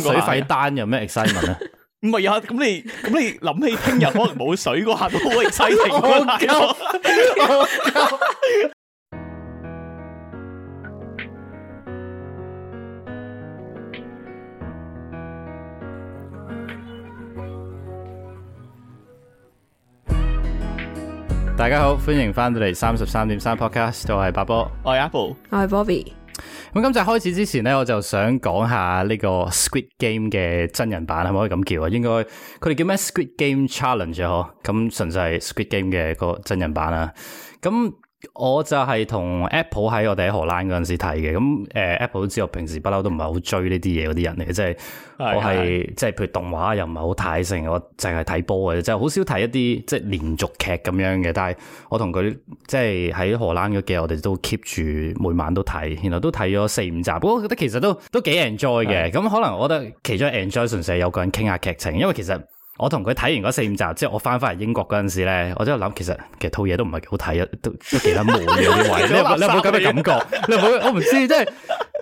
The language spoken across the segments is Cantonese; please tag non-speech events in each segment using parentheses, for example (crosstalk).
水費單有咩 excitement 啊？唔係呀，咁你咁你諗起聽日可能冇水嗰下都好 exciting。大家好，歡迎翻到嚟三十三點三 podcast，我係八波，我係 Apple，我係 Bobby。咁、嗯、今集開始之前咧，我就想講下呢個 Squid Game 嘅真人版，可唔可以咁叫啊？應該佢哋叫咩 Squid Game Challenge 嗬，咁、嗯、純粹係 Squid Game 嘅個真人版啦。咁、嗯我就係同 Apple 喺我哋喺荷蘭嗰陣時睇嘅，咁、嗯、誒 Apple 都知我平時不嬲都唔係好追呢啲嘢，嗰啲人嚟嘅，即、就、係、是、我係即係譬如動畫又唔係好睇成，我淨係睇波嘅，即係好少睇一啲即係連續劇咁樣嘅。但係我同佢即係喺荷蘭嗰期我哋都 keep 住每晚都睇，然後都睇咗四五集，不過我覺得其實都都幾 enjoy 嘅。咁是是 可能我覺得其中 enjoy 純粹係有個人傾下劇情，因為其實。我同佢睇完嗰四五集，之後我翻翻嚟英國嗰陣時咧，我都有諗，其實其實套嘢，都唔係幾好睇，都都幾得悶嘅啲位。你 (laughs) 你有冇咁嘅感覺？ (laughs) 你有冇，我唔知，真係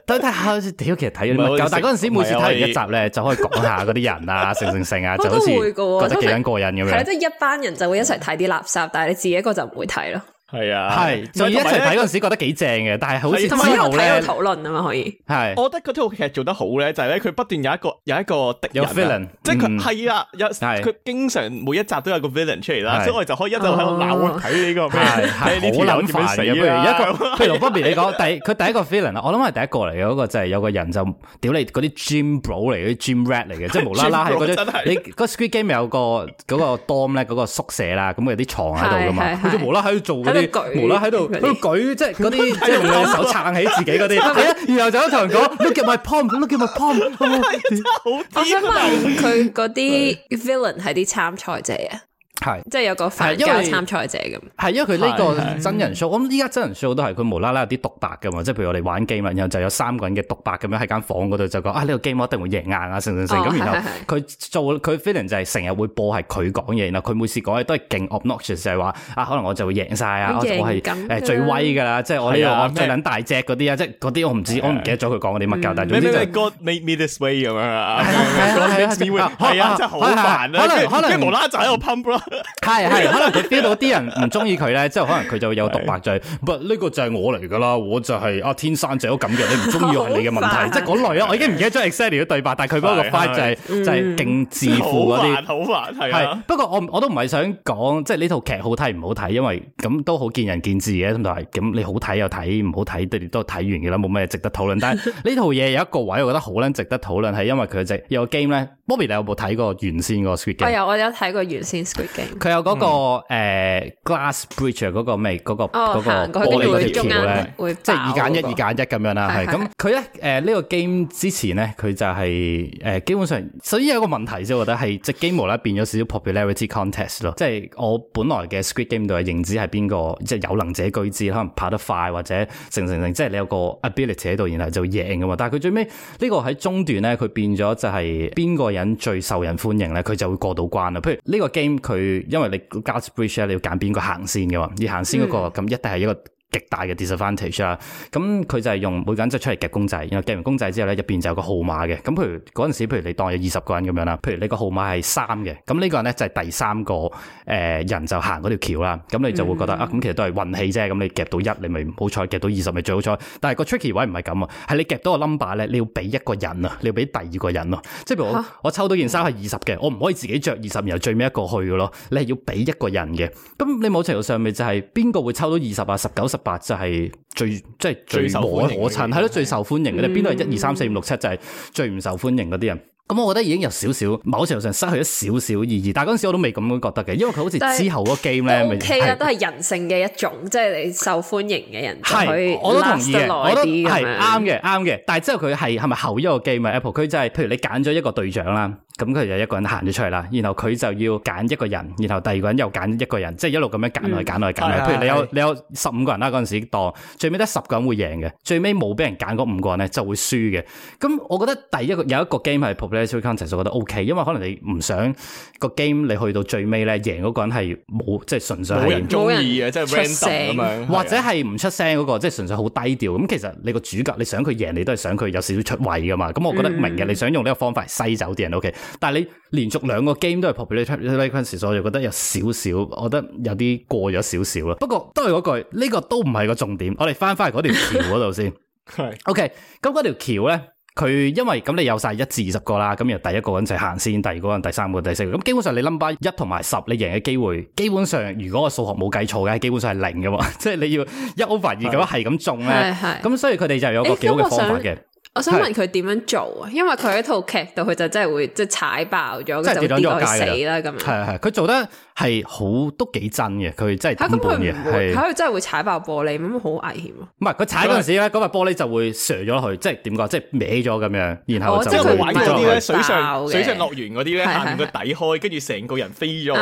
睇睇下，屌，其實睇咗乜狗？但係嗰陣時每次睇完一集咧，啊、可就可以講下嗰啲人啊，成成成啊， (laughs) 就好似覺得幾咁過癮咁樣。係啦， (laughs) 即係一班人就會一齊睇啲垃圾，但係你自己一個就唔會睇咯。係啊，係就一齊睇嗰陣時覺得幾正嘅，但係好似只頭咧討論啊嘛，可以係。我覺得嗰套劇做得好咧，就咧佢不斷有一個有一個敵人，即係佢係啊，佢經常每一集都有個 villain 出嚟啦，所以我哋就可以一路喺度鬧睇呢個 villain，睇呢條友點樣死。不如一個，譬如 Bobby 你講第佢第一個 villain 啦，我諗係第一個嚟嘅嗰個就係有個人就屌你嗰啲 gym bro 嚟，嗰啲 gym rat 嚟嘅，即係無啦啦喺嗰張你嗰 screen game 有個嗰個 dorm 咧嗰個宿舍啦，咁有啲床喺度噶嘛，佢就無啦啦喺度做嗰啲。無啦，喺度喺度舉，舉即係嗰啲即係用手撐起自己嗰啲，係啊， (laughs) 然後就喺同人講，Look at my palm, look at my palm，好我想問佢嗰啲 villain 係啲參賽者啊。係，即係有個佛教參賽者咁。係因為佢呢個真人 show，咁依家真人 show 都係佢無啦啦有啲獨白嘅嘛，即係譬如我哋玩 game 啊然後就有三個人嘅獨白咁樣，喺間房嗰度就講啊，呢個 game 我一定會贏硬啊，成成成咁。然後佢做佢 feeling 就係成日會播係佢講嘢，然後佢每次講嘢都係勁 obnoxious，就係話啊可能我就會贏晒啊，我我係最威㗎啦，即係我我最撚大隻嗰啲啊，即係嗰啲我唔知我唔記得咗佢講我哋乜鳩。咩咩歌 make me this way 咁樣啊？係啊，真係好煩啊，跟無啦啦就喺度 pump 係係，可能佢 feel 到啲人唔中意佢咧，即係可能佢就有獨白就係，不呢個就係我嚟噶啦，我就係、是、啊天生就咁嘅，你唔中意係你嘅問題。即係嗰類啊。我已經唔記得咗 o e x c e l l e y 對白，對但係佢嗰個 f 就係、是嗯、就係勁自負嗰啲。好煩、嗯、好、啊、不過我我都唔係想講，即係呢套劇好睇唔好睇，因為咁都好見仁見智嘅，咁就係咁。你好睇又睇，唔好睇都睇完嘅啦，冇咩值得討論。但係呢套嘢有一個位，我覺得好咧值得討論，係因為佢只有個 game 咧，Bobby 你有冇睇過原先個 Squid Game？我有，我有睇過原先 Squid Game。佢有嗰、那個、嗯欸、Glass Bridge 嗰個咩嗰、那個 oh, 個玻璃過嚟嗰即係二揀一，二揀一咁樣啦。係咁、那個，佢咧誒呢、呃這個 game 之前咧，佢就係、是、誒、呃、基本上所以有個問題啫，我覺得係即 game 咧變咗少少 popularity contest 咯。即係我本來嘅 Squid Game 度係認知係邊個即係有能者居之可能跑得快或者成成成，即係你有個 ability 喺度，然後就贏噶嘛。但係佢最尾呢、這個喺中段咧，佢變咗就係邊個人最受人歡迎咧，佢就會過到關啦。譬如呢個 game 佢。因為你 gas bridge 咧、啊，你要揀邊個行先嘅喎，你行先嗰、嗰個咁一定係一個。嗯極大嘅 disadvantage 啊，咁佢就係用每個人出嚟夾公仔，然後夾完公仔之後咧，入邊就有個號碼嘅。咁譬如嗰陣時，譬如你當有二十個人咁樣啦，譬如你個號碼係三嘅，咁呢個人咧就係、是、第三個誒人就行嗰條橋啦。咁你就會覺得啊，咁其實都係運氣啫。咁、啊、你，你，你夾到一，你咪好彩；夾到二十，咪最好彩。但係個 tricky 位唔係咁啊，係你夾到個 number 咧，你要俾一個人啊，你要俾第二個人咯。即係譬如我 Huh? 我抽到件衫係二十嘅，我唔可以自己着二十然後最尾一個去嘅咯，你係要俾一個人嘅。咁你某程度上咪就係邊個會抽到二十啊？十九十？八就係最即係最受可親，係咯最受歡迎嘅咧。邊度係一二三四五六七就係最唔受歡迎嗰啲、嗯、人？咁我覺得已經有少少，某程度上失去咗少少意義。但係嗰陣時我都未咁樣覺得嘅，因為佢好似之後嗰個 game 咧，其實都係人性嘅一種，即係你受歡迎嘅人係，我都同意，我都係啱嘅，啱嘅。但係之後佢係係咪後一個 game 咪 Apple？佢即係，譬如你揀咗一個隊長啦，咁佢就一個人行咗出嚟啦，然後佢就要揀一個人，然後第二個人又揀一個人，即係一路咁樣揀落去、揀落去、揀落去。譬如你有你有十五個人啦，嗰陣時當最尾得十個人會贏嘅，最尾冇俾人揀嗰五個人咧就會輸嘅。咁我覺得第一個有一個 game 係。咧超級粉絲覺得 O、OK, K，因為可能你唔想個 game 你去到最尾咧贏嗰個人係冇即係純粹冇人中意啊，即係咁樣，或者係唔出聲嗰、嗰個，即係純粹好低調。咁其實你個主角你想佢贏，你都係想佢有少少出位噶嘛。咁我覺得明日、嗯、你想用呢個方法嚟篩走啲人 O K，但係你連續兩個 game 都係 popular 超級粉絲，我就覺得有少少，我覺得有啲過咗少少啊。不過都係嗰句，呢、呢個都唔係個重點。我哋翻返去嗰條橋嗰度先。係 O K。咁嗰條橋咧。佢因為咁你有晒一至二十個啦，咁由第一個人就行先，第二個人第三個、第四個，咁基本上你 number 一同埋十，你贏嘅機會基本上如果個數學冇計錯嘅，基本上係零嘅喎， (laughs) 即係你要一 over 二咁樣係咁中咧，咁所以佢哋就有個幾好嘅方法嘅。我想問佢點樣做啊？因為佢喺套劇度，佢就真係會即係踩爆咗，即係跌落去死啦咁樣。係係，佢做得係好都幾真嘅，佢真係恐怖嘅。咁佢唔會，佢真係會踩爆玻璃，咁好危險。唔係佢踩嗰陣時咧，嗰塊玻璃就會碎咗佢，即係點講？即係歪咗咁樣，然後就跌咗去。即係玩嗰啲水上水上樂園嗰啲咧，下面個底開，跟住成個人飛咗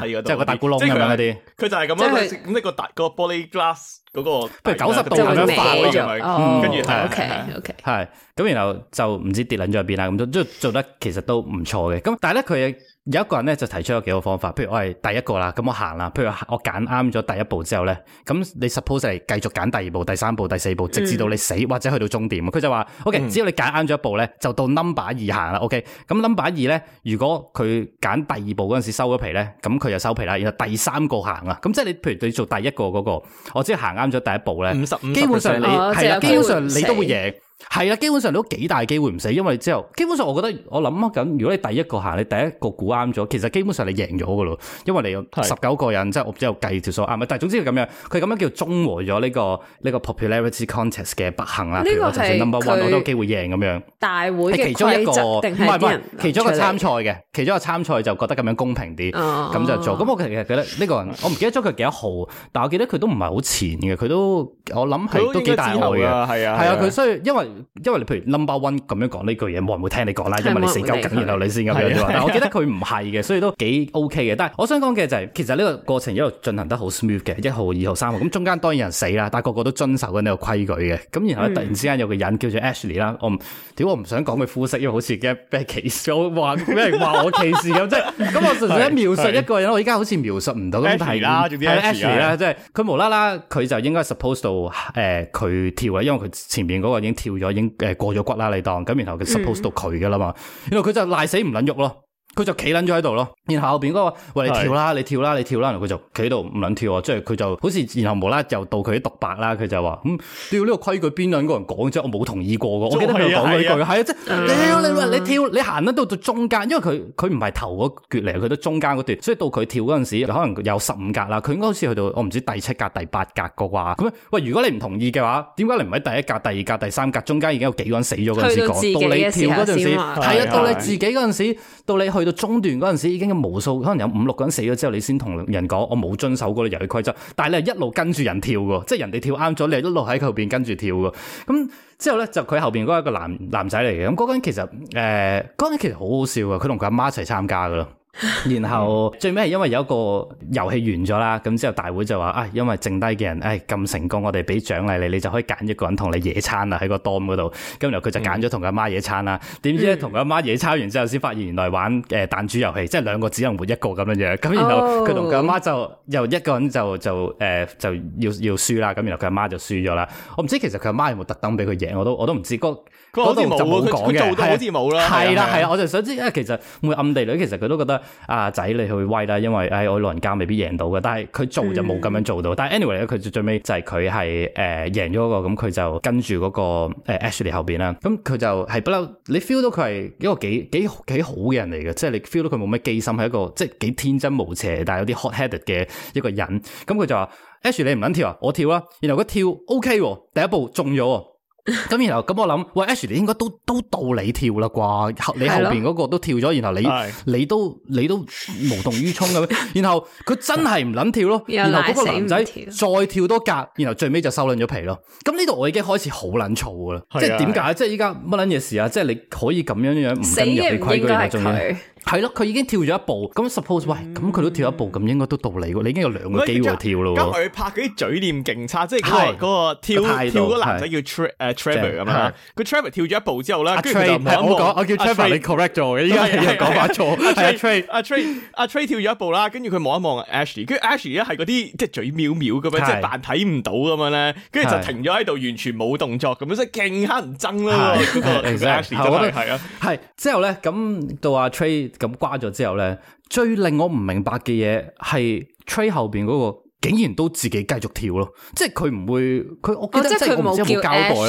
去即係個大鼓窿咁樣嗰啲。佢就係咁樣，咁呢個個玻璃 glass。嗰個，九十度咁樣翻嗰張，跟住係，咁，然後就唔知跌撚咗喺邊啦咁多，就做得其實都唔錯嘅。咁但係呢，佢有一個人咧就提出咗幾個方法，譬如我係第一個啦，咁我行啦，譬如我揀啱咗第一步之後咧，咁你 suppose 係繼續揀第二步、第三步、第四步，直至到你死，嗯、或者去到終點。佢就話，OK，只要你揀啱咗一步咧，就到 number 二行啦。OK，咁 number 二咧，如果佢揀第二步嗰陣時收咗皮咧，咁佢就收皮啦。然後第三個行啦，咁即係你譬如你做第一個嗰個，我只要行啱咗第一步咧，五十五十，係啦，基本上你都會贏。係啦，基本上你都幾大機會唔死，因為之後基本上我覺得我諗緊，如果你第一個行，你第一個估啱咗，其實基本上你贏咗噶咯，因為你有十九個人即係是我之後計條數啱，但係總之佢咁樣，佢咁樣叫中和咗呢、這個呢、這個 popularity contest 嘅不幸啦。呢個係 number one，我都有機會贏咁樣。大會嘅規則定係人？係唔係，唔係，其中一個參賽嘅，其中一個參賽就覺得咁樣公平啲，咁、哦、就做。咁我其實覺得呢個人我唔記得咗佢幾多號，但係我記得佢都唔係好前嘅，佢都我諗係都幾大號嘅，係啊，係啊，佢所以因為。因為你譬如 number one 咁樣講呢句嘢，冇人會聽你講啦，因為死鳩梗，然後你先咁樣。但我記得佢唔係嘅，所以都幾 OK 嘅。但係我想講嘅就係，其實呢個過程一路進行得好 smooth 嘅，一號、二號、三號，咁中間當然有人死啦，但係個個都遵守緊呢個規矩嘅。咁然後突然之間有個人叫做 Ashley 啦，我唔，屌我唔想講佢膚色，因為好似 g e 歧視，話咩話我歧視咁即係，咁我描述一個人，我依家好似描述唔到咁係啦，即係佢無啦啦，佢就應該 s u p p o s e 到誒佢跳啊，因為佢前邊個已經跳。我已經誒過咗骨啦，你當咁，然後佢 suppose 到佢噶啦嘛，然後佢就賴死唔肯喐咯。佢就企撚咗喺度咯，然後後邊嗰個，喂你跳啦，你跳啦，你跳啦，然後佢就企喺度唔撚跳啊。即係佢就好似然後無啦啦又到佢啲獨白啦，佢就話咁你要呢個規矩邊兩個人講，即我冇同意過。我記得佢講咗一句係，即係你你話你跳你行得到到中間，因為佢佢唔係頭嗰撅嚟，佢都中間嗰段，所以到佢跳嗰陣時，可能有十五格啦，佢應該好似去到我唔知第七格第八格嘅啩，咁喂，如果你唔同意嘅話，點解你唔喺第一格、第二格、第三格中間已經有幾個人死咗嗰陣時講？到你跳嗰陣時，係啊，到你自己嗰陣時，到你去。去到中段嗰陣時，已經有無數可能有五六個人死咗之後你，你先同人講我冇遵守嗰啲遊戲規則，但係你係一路跟住人跳噶，即係人哋跳啱咗，你係一路喺佢後邊跟住跳噶。咁之後咧就佢後邊嗰一個男男仔嚟嘅，咁、那、嗰個人其實誒、嗰、呃嗰個人其實好好笑啊，佢同佢阿媽一齊參加噶咯。 (laughs) 然後最尾係因為有一個遊戲完咗啦，咁之後大會就話，啊、哎，因為剩低嘅人，誒、哎、咁成功，我哋俾獎勵你，你就可以揀一個人同你野餐啦，喺個 dorm 嗰度。咁然後佢就揀咗同佢阿媽野餐啦。點、嗯、知同佢阿媽野餐完之後，先發現原來玩誒、呃、彈珠遊戲，即係兩個只能活一個咁樣樣。咁然後佢同佢阿媽就又一個人就就誒、呃、就要要輸啦。咁然後佢阿媽就輸咗啦。我唔知其實佢阿媽有冇特登俾佢贏，我都我都唔知。嗰度就冇講嘅，係啦係啦，我就想知因為，其實會暗地裏其實佢都覺得阿、啊、仔你去威啦，因為誒、哎、我老人家未必贏到嘅，但係佢做就冇咁樣做到。嗯、但係 anyway 佢最尾就係佢係誒贏咗個，咁、嗯、佢就跟住嗰個 Ashley 後邊啦。咁、嗯、佢就係不嬲，你 feel 到佢係一個幾幾幾好嘅人嚟嘅，即、就、係、是、你 feel 到佢冇乜機心，係一個即係幾天真無邪，但係有啲 hot headed 嘅一個人。咁、嗯、佢、嗯、就話 Ashley 你唔撚跳啊，我跳啦。然後佢跳，後跳 OK 第一步，第一步中咗。咁 (laughs) 然後咁我諗，喂 Ashley 應該都都到你跳啦啩，你後邊嗰個都跳咗，然後你 (laughs) 你都你都無動於衷咁，然後佢真係唔捻跳咯，然後嗰個男仔再跳多格，然後最尾就收捻咗皮咯。咁呢度我已經開始好捻躁噶啦，是的 即係點解？是的 即係依家乜捻嘢事啊？即係你可以咁樣樣唔進入你規矩，仲要？后係咯，佢已經跳咗一步。咁 suppose 喂，咁佢都跳一步，咁應該都到你喎。你已經有兩個機會跳咯。咁佢拍嗰啲嘴臉勁差，即係嗰個跳跳嗰男仔叫 tr 誒 Trevor 啊嘛。佢 Trevor 跳咗一步之後咧，跟住就望一望。我叫 Trevor 你 correct 咗我嘅。依家又講錯。係啊，Trey。阿 Trey，阿 Trey 跳咗一步啦，跟住佢望一望 Ashley。跟住 Ashley 咧係嗰啲即係嘴藐藐咁樣，即係扮睇唔到咁樣咧，跟住就停咗喺度，完全冇動作咁樣，所以勁乞人憎啦。係，之後咧咁到阿 Trey。咁關咗之後咧，最令我唔明白嘅嘢係 trade 後邊嗰個竟然都自己繼續跳咯，即係佢唔會佢我記得、哦、即係我唔知有冇交代咯，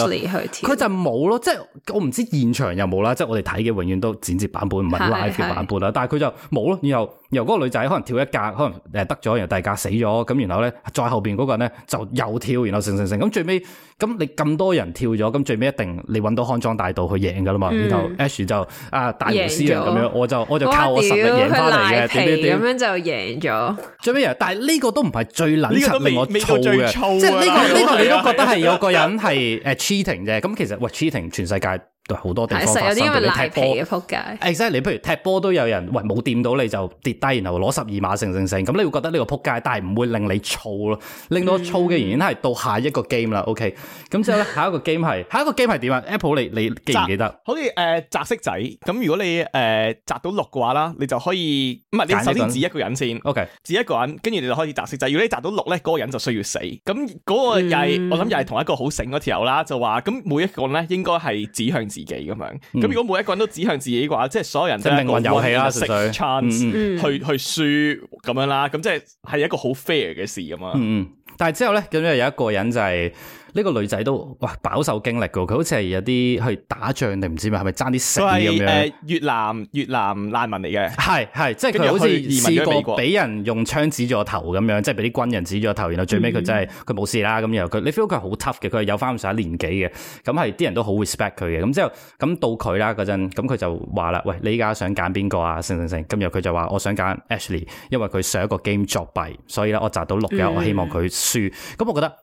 佢就冇咯，即係我唔知現場有冇啦，即係我哋睇嘅永遠都剪接版本唔係 live 嘅版本啦，係係係，但係佢就冇咯，然後。由嗰個女仔可能跳一格，可能誒得咗，然後第二格死咗，咁然後咧再後邊嗰個人咧就又跳，然後成成成咁最尾，咁你咁多人跳咗，咁最尾一定你揾到康莊大道去贏㗎啦嘛？嗯、然後 Ash 就啊大模斯樣啊咁樣，我就我就靠我實力贏翻嚟嘅，點點點咁樣就贏咗。最尾啊，但係呢個都唔係最撚出令我嬲嘅，即係呢、這個呢、這個是 你都覺得係有個人係誒 cheating 啫。咁其實喂 cheating 全世界。好多地方發生。有因你踢波嘅撲街。誒，即係你，不如踢波都有人，喂，冇掂到你就跌低，然後攞十二碼等等等等，成成成，咁你會覺得呢個撲街，但係唔會令你燥咯。令到燥嘅原因係到下一個 game 啦、嗯、，OK。咁之後咧，下一個 game 係 (laughs) 下一個 game 係點啊？Apple，你你，你記唔記得？好似誒擲骰仔，咁如果你誒擲、呃、到六嘅話啦，你就可以唔係，你首先指一個人先選，OK。指一個人，跟住你就開始擲骰仔。如果你擲到六咧，嗰、那個人就需要死。咁、那、嗰個、那個嗯、又係我諗又係同一個好醒嗰條友啦，就話咁每一個咧應該係指向。自己咁樣，咁、嗯、如果每一個人都指向自己嘅話，即係所有人即係一個運氣啦，chance 去去輸咁樣啦，咁即係係一個好 fair 嘅事啊嘛。嗯嗯但係之後咧，咁又有一個人就係、是。呢個女仔都哇飽受經歷嘅，佢好似係有啲去打仗定唔知咪係咪爭啲食啲咁樣？越南越南難民嚟嘅，係係，即係佢好似試過俾人用槍指住個頭咁樣，即係俾啲軍人指住個頭，然後最尾佢真係佢冇事啦。咁然後佢你 feel 佢好 tough 嘅，佢有翻咁上下年紀嘅，咁係啲人都好 respect 佢嘅。咁之後咁到佢啦嗰陣，咁佢就話啦：喂，你依家想揀邊個啊？成成成，今日佢就話我想揀 Ashley，因為佢上一個 game 作弊，所以咧我擲到六嘅，我希望佢輸。咁、嗯、我覺得。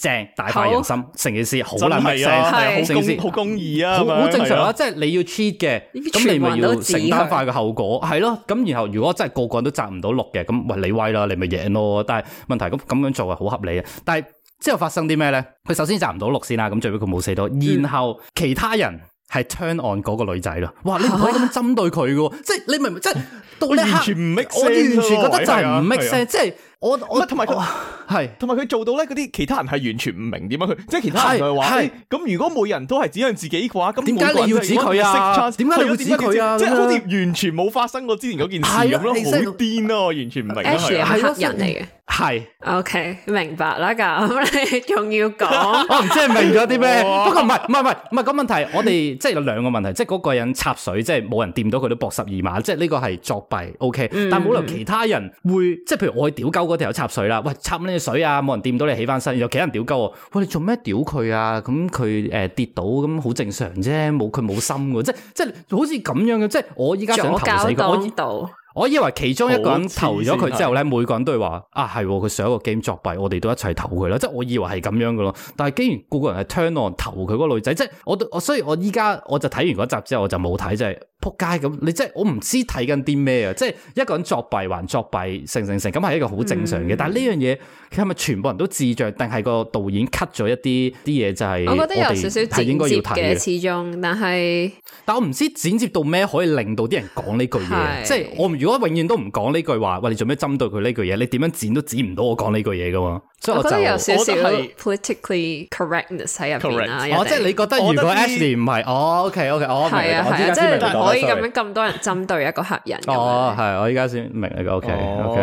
正大快人心，成件事好難 make sense，係好公好公義啊，好正常啊。即係你要 cheat 嘅，咁你咪要承擔返個後果，係咯。咁然後如果真係個個人都賺唔到六嘅，咁喂你威啦，你咪贏咯。但係問題咁咁樣做係好合理啊。但係之後發生啲咩咧？佢首先賺唔到六先啦，咁最尾佢冇死到，然後其他人係 turn on 嗰個女仔咯。哇，你唔可以咁針對佢噶，即係你明即係，我完全唔 make sense 咯，我完全覺得就係唔 make sense，即係。我我同埋佢係，同埋佢做到咧，嗰啲其他人係完全唔明點樣佢，即係其他人嘅話係。咁如果每人都係指向自己嘅話，咁點解你要指佢啊？點解你要指佢啊？即係好似完全冇發生過之前嗰件事咁咯，好癲啊！完全唔明啊。係黑人嚟嘅，係。OK，明白啦。咁你仲要講？我唔知係明咗啲咩？不過唔係，唔係，唔係，唔係。咁問題我哋即係有兩個問題，即係嗰個人插水，即係冇人掂到佢都搏十二碼，即係呢個係作弊。OK，但係冇理由其他人會，即係譬如我去屌鳩。嗰條友插水啦，喂，插乜嘢水啊？冇人掂到你起翻身，又其他人屌鳩啊？喂，你做咩屌佢啊？咁佢誒跌到咁好正常啫，冇佢冇心嘅，即係即係好似咁樣嘅，即係我依家想投死佢，我以。我我以為其中一個人投咗佢之後咧，才是 每個人都會話啊，係佢、哦、上一個 game 作弊，我哋都一齊投佢啦。即係我以為係咁樣嘅咯，但係竟然個個人係 turn on 投佢嗰個女仔。即係我所以我雖然我依家我就睇完嗰集之後我就冇睇、就是，即係撲街咁。你即係我唔知睇緊啲咩啊！即係一個人作弊還作弊，成成成咁係一個好正常嘅。嗯、但係呢樣嘢佢係咪全部人都智障定係個導演 cut 咗一啲啲嘢就係？我覺得有少少剪接嘅，應該要睇始終，但係但我唔知剪接到咩可以令到啲人講呢句嘢，即係我唔。如果永遠都唔講呢句話，喂，你做咩針對佢呢句嘢？你點樣剪都剪唔到我講呢句嘢㗎喎！我覺得有少少去 politically correctness 喺入邊啊！哦，即係你覺得如果 Ashley 唔係，哦，OK，OK，我係啊，係啊，即係可以咁樣咁多人針對一個客人。哦，係，我依家先明啦，OK，OK。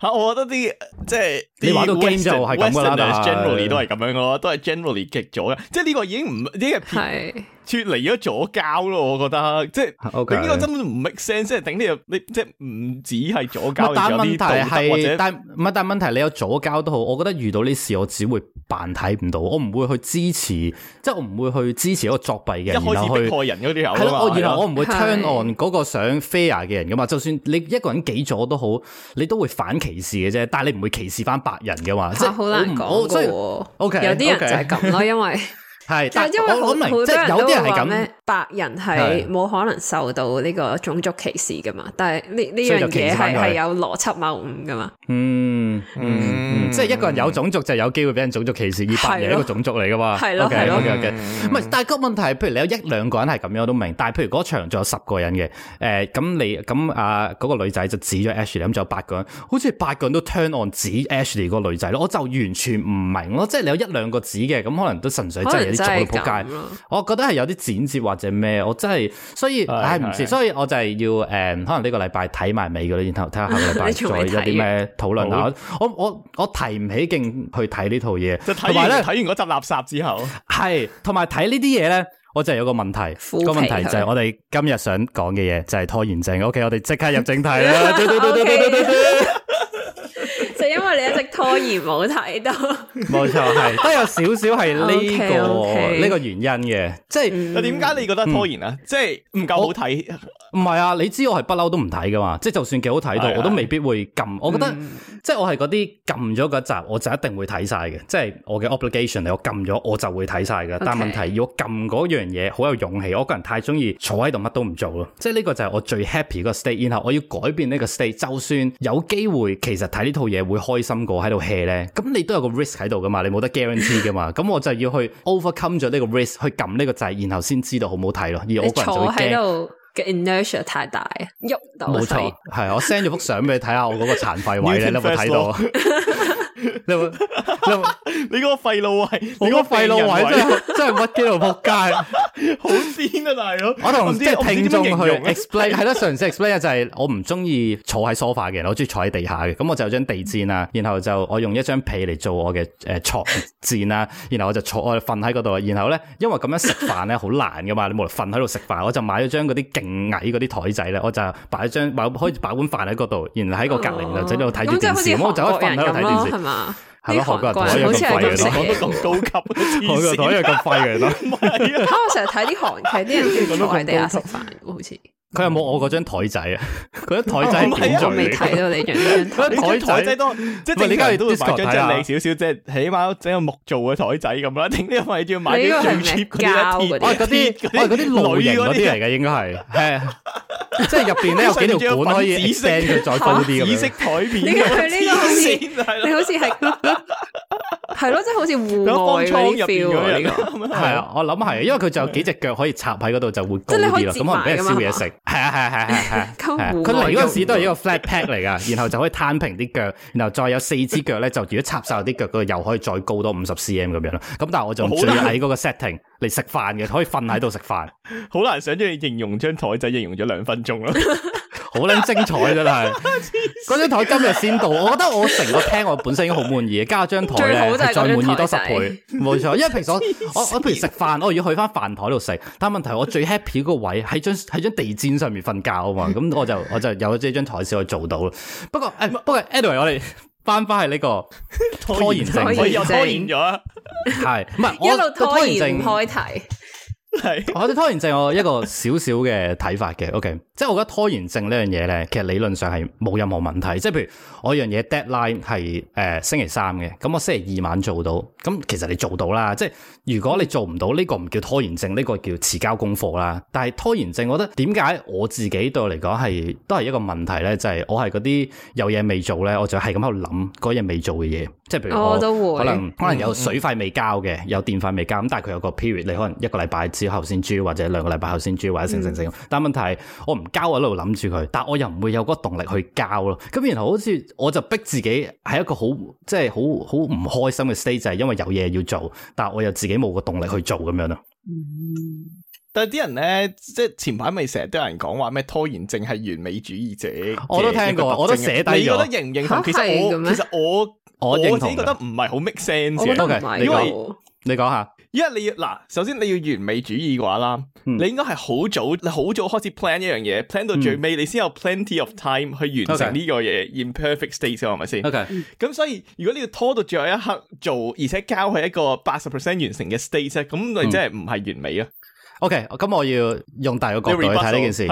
嚇，我覺得啲即係你玩到 game 就係咁啦，都係 generally 都係咁樣咯，都係 generally 極左嘅。即係呢個已經唔呢個脫離咗左膠咯，我覺得。即係 OK。頂呢個根本唔 make sense，即係頂呢個你即係唔止係左膠嘅。但問題係，但唔係但問題你有左膠都好，我覺得。遇到呢事，我只會扮睇唔到，我唔會去支持，即係我唔會去支持嗰個作弊嘅人，然後去害人嗰啲有。然後去的我唔會 turn on 嗰的個想 fair 嘅人噶嘛，就算你一個人幾咗都好，你都會反歧視嘅啫。但係你唔會歧視翻白人嘅嘛，即好係我即係、啊、OK, okay。有啲人就係咁咯，因為係， (laughs) (laughs) (laughs) (laughs) 但係是因為我諗明，即係有啲人係咁。白人係冇可能受到呢個種族歧視噶嘛，但係呢，呢樣嘢係係有邏輯謬誤噶嘛。嗯，嗯，嗯即係一個人有種族就有機會俾人種族歧視，以白人一個種族嚟噶嘛。係咯係咯係唔係？但係個問題係，譬如你有一兩個人係咁樣，我都明。但係譬如嗰場仲有十個人嘅，誒、呃，咁你咁阿嗰個女仔就指咗 Ashley，咁、嗯、仲有八個人，好似八個人都 turn on 指 Ashley 個女仔咯，我就完全唔明咯。即係你有一兩個指嘅，咁可能都純粹真係做咗撲街。我覺得係有啲剪接或。咩？我真係，所以唉唔知。所以我就係要誒，uh, 可能呢個禮拜睇埋尾嘅啦，然後睇下下個禮拜再一啲咩討論啦。我我我提唔起勁去睇呢套嘢，同埋咧睇完嗰集垃圾之後，係同埋睇呢啲嘢咧，我就係有個問題，個問題就係我哋今日想講嘅嘢就係拖延症。OK，我哋即刻入正題啦。你 (laughs) (laughs) 一直拖延冇睇到，冇錯係都有少少係呢個呢個原因嘅，即係點解你覺得拖延啊？嗯、即係唔夠好睇？唔係啊，你知我係不嬲都唔睇噶嘛？即係就算幾好睇到，的我都未必會撳。我覺得、嗯、即係我係嗰啲撳咗嗰集，我就一定會睇晒嘅。即係我嘅 obligation 嚟，我撳咗我就會睇晒嘅。Okay. 但係問題要撳嗰樣嘢好有勇氣，我個人太中意坐喺度乜都唔做咯。即係呢個就係我最 happy 個 state，然後我要改變呢個 state，就算有機會其實睇呢套嘢會開心過喺度 hea 咧，咁你都有個 risk 喺度噶嘛，你冇得 guarantee 噶嘛，咁我就要去 overcome 咗呢個 risk 去撳呢個掣，然後先知道好唔好睇咯。而我個人就坐喺度嘅 inertia 太大，喐到冇錯。係我 send 咗幅相俾你睇下，我嗰個殘廢位咧， (laughs) 你會睇到。 (laughs) 你你嗰個廢路位，你嗰 (laughs) 個廢路位真係真係屈機到仆街好癲啊大佬，我同啲聽眾去 explain 係咯，詳細 explain 就係我唔中意坐喺梳化嘅，我中意坐喺地下嘅。咁我就有張地氈啦，然後就我用一張被嚟做我嘅誒床氈啦，然後我就坐我瞓喺嗰度。然後咧，因為咁樣食飯咧好難噶嘛， (laughs) 你冇論瞓喺度食飯，我就買咗張嗰啲勁矮嗰啲台仔咧，我就擺張，或可以擺碗飯喺嗰度，然後喺個隔籬、哦、就喺度睇住電視，我、嗯、就可以瞓喺度睇電視。啲韓國人好似係咁食得咁高級，台台又咁快嘅，係我成日睇啲韓劇，啲人食得喺地下食飯，我唔知。佢又冇我嗰張台仔啊！嗰張台仔點做嚟？睇到你仲，嗰張台仔多即係你而家亦都會買張靚少少，即係起碼整個木做嘅台仔咁啦。頂你又咪仲要買啲最 cheap 嗰啲啊？嗰啲，我係嗰啲類型嗰啲嚟嘅，應該係係，即係入邊咧有幾條管，可以紫色嘅，再高啲意紫色台面你好似係，係咯，即係好似戶外入邊嗰係啊，我諗係，因為佢仲有幾隻腳可以插喺嗰度，就會高啲咯。咁可能俾人燒嘢食。係啊係係係係，佢嚟嗰時都係一個 flat pack 嚟㗎， (laughs) 然後就可以攤平啲腳，然後再有四支腳咧就如果插晒啲腳嗰度，又可以再高多五十 cm 咁樣咯。咁但係我仲最喺嗰個 setting 嚟食飯嘅，可以瞓喺度食飯，好 (laughs) 難想住形容張台仔，形容咗兩分鐘咯。 (laughs) 好撚精彩真係，嗰張台今日先到，我覺得我成個廳我本身已經好滿意嘅，加咗張台咧係再滿意多十倍，冇錯。因為平時我我譬如食飯，我要去翻飯台度食，但係問題我最 happy 嗰個位喺張喺張地氈上面瞓覺啊嘛，咁我就我就有咗呢張台先可以做到啦。不過誒、 (laughs) 哎，不過 anyway 我哋翻翻去呢個 (laughs) 拖延症性，拖延咗，係唔係我拖延症性。開題？我啲 (laughs) 拖延症我有一個少少嘅睇法嘅，OK，即係我覺得拖延症呢樣嘢咧，其實理論上係冇任何問題，即係譬如我樣嘢 deadline 係誒、呃、星期三嘅，咁我星期二晚做到，咁其實你做到啦，即係如果你做唔到呢、這個唔叫拖延症，呢、這個叫遲交功課啦。但係拖延症，我覺得點解我自己對我嚟講係都係一個問題咧，就係、是、我係嗰啲有嘢未做咧，我就係咁喺度諗嗰嘢未做嘅嘢。即係譬如我可能可能有水費未交嘅，嗯、有電費未交咁，但係佢有個 period，你可能一個禮拜之後先繳，或者兩個禮拜後先繳，或者成成成。嗯、但係問題係我唔交，我喺度諗住佢，但我又唔會有嗰個動力去交咯。咁然後好似我就逼自己喺一個好即係好好唔開心嘅 stage，就係因為有嘢要做，但係我又自己冇個動力去做咁樣咯、嗯。但係啲人咧，即係前排咪成日都有人講話咩拖延症係完美主義者，我都聽過，我都寫低咗。你覺得認唔認同其、嗯？其實我其實我。嗯。我我自己覺得唔係好 make sense，因為你講下，因為你要嗱，首先你要完美主義嘅話啦，你應該係好早、好早開始 plan 一樣嘢，plan 到最尾你先有 plenty of time 去完成呢個嘢，in perfect state 啫，係咪先？OK，咁所以如果你要拖到最後一刻做，而且交係一個八十 percent 完成嘅 state，咁你真係唔係完美啊？OK，咁我要用大嘅角度睇呢件事。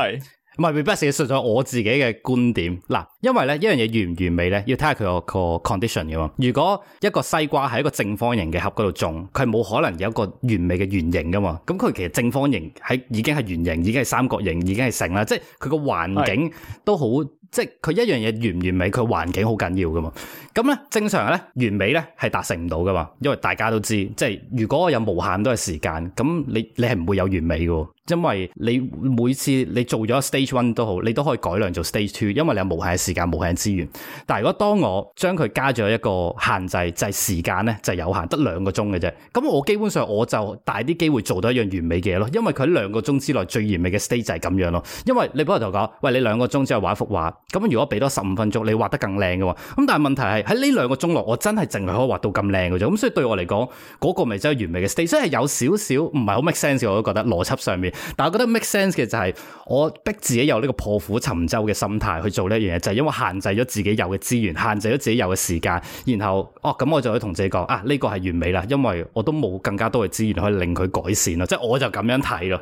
唔係，未必係。事實上，我自己嘅觀點，嗱，因為咧，一樣嘢完唔完美咧，要睇下佢個個 condition 噶嘛。如果一個西瓜喺一個正方形嘅盒嗰度種，佢係冇可能有一個完美嘅圓形噶嘛。咁佢其實正方形喺已經係圓形，已經係三角形，已經係成啦。即係佢個環境都好，是即係佢一樣嘢完唔完美，佢環境好緊要噶嘛。咁咧，正常咧，完美咧係達成唔到噶嘛。因為大家都知，即係如果我有無限多嘅時間，咁你你係唔會有完美噶。因為你每次你做咗 stage one 都好，你都可以改良做 stage two，因為你有無限時間、無限資源。但係如果當我將佢加咗一個限制，就係時間咧，就有限，得兩個鐘嘅啫。咁我基本上我就大啲機會做到一樣完美嘅嘢咯。因為佢喺兩個鐘之內最完美嘅 stage 就係咁樣咯。因為你本來就講，喂，你兩個鐘之後畫一幅畫，咁如果俾多十五分鐘，你畫得更靚嘅喎。咁但係問題係喺呢兩個鐘落，我真係淨係可以畫到咁靚嘅啫。咁所以對我嚟講，嗰個咪真係完美嘅 stage，所以有少少唔係好 make sense，我都覺得邏輯上面。但係我覺得 make sense 嘅就係我逼自己有呢個破釜沉舟嘅心態去做呢樣嘢，就係因為限制咗自己有嘅資源，限制咗自己有嘅時間，然後哦，咁我就可以同自己講啊，呢個係完美啦，因為我都冇更加多嘅資源可以令佢改善咯，即係我就咁樣睇咯，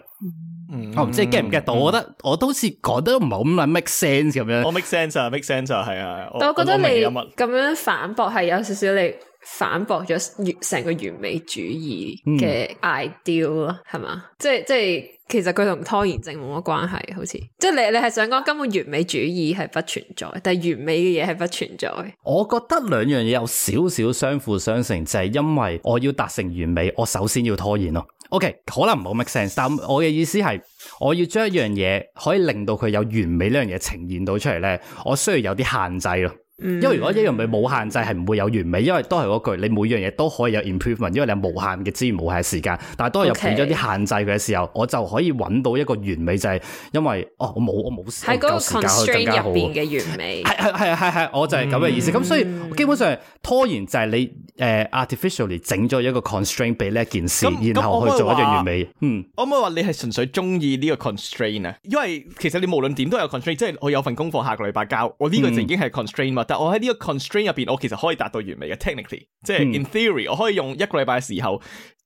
嗯，哦，我唔知你 get 唔 get 到？嗯，我覺得我都好似講得唔係咁諗 make sense 咁樣，我 make sense 啊，make sense 啊，係啊，但我覺得你咁樣反駁係有少少你。反駁咗完成個完美主義嘅 ideal 咯，嗯，係嘛？即係即係，其實佢同拖延症冇乜關係，好似即係你你係想講根本完美主義係不存在，但係完美嘅嘢係不存在。我覺得兩樣嘢有少少相輔相成，就係、是、因為我要達成完美，我首先要拖延咯。OK，可能唔好 make sense，但我嘅意思係，我要將一樣嘢可以令到佢有完美呢樣嘢呈現到出嚟咧，我需要有啲限製咯。因為如果一樣嘢冇限制，係唔會有完美，因為都係嗰句，你每樣嘢都可以有 improvement，因為你係無限嘅資源、無限時間，但係當入咗啲限制嘅時候，我就可以揾到一個完美就係、係、因為哦，我冇我冇時間去更加好嘅完美，係係係係我就係咁嘅意思。咁所以基本上拖延就係你誒 artificially 整咗一個 constraint 俾呢一件事，然後去做一樣完美。可嗯，我唔可以話你係純粹中意呢個 constraint 啊， (noise) 因為其實你無論點都有 constraint，即係我有份功課下個禮拜交，我呢個就已經係 constraint 但我喺呢個 constraint 入邊，我其實可以達到完美嘅 technically，即係 in theory，我可以用一個禮拜嘅時候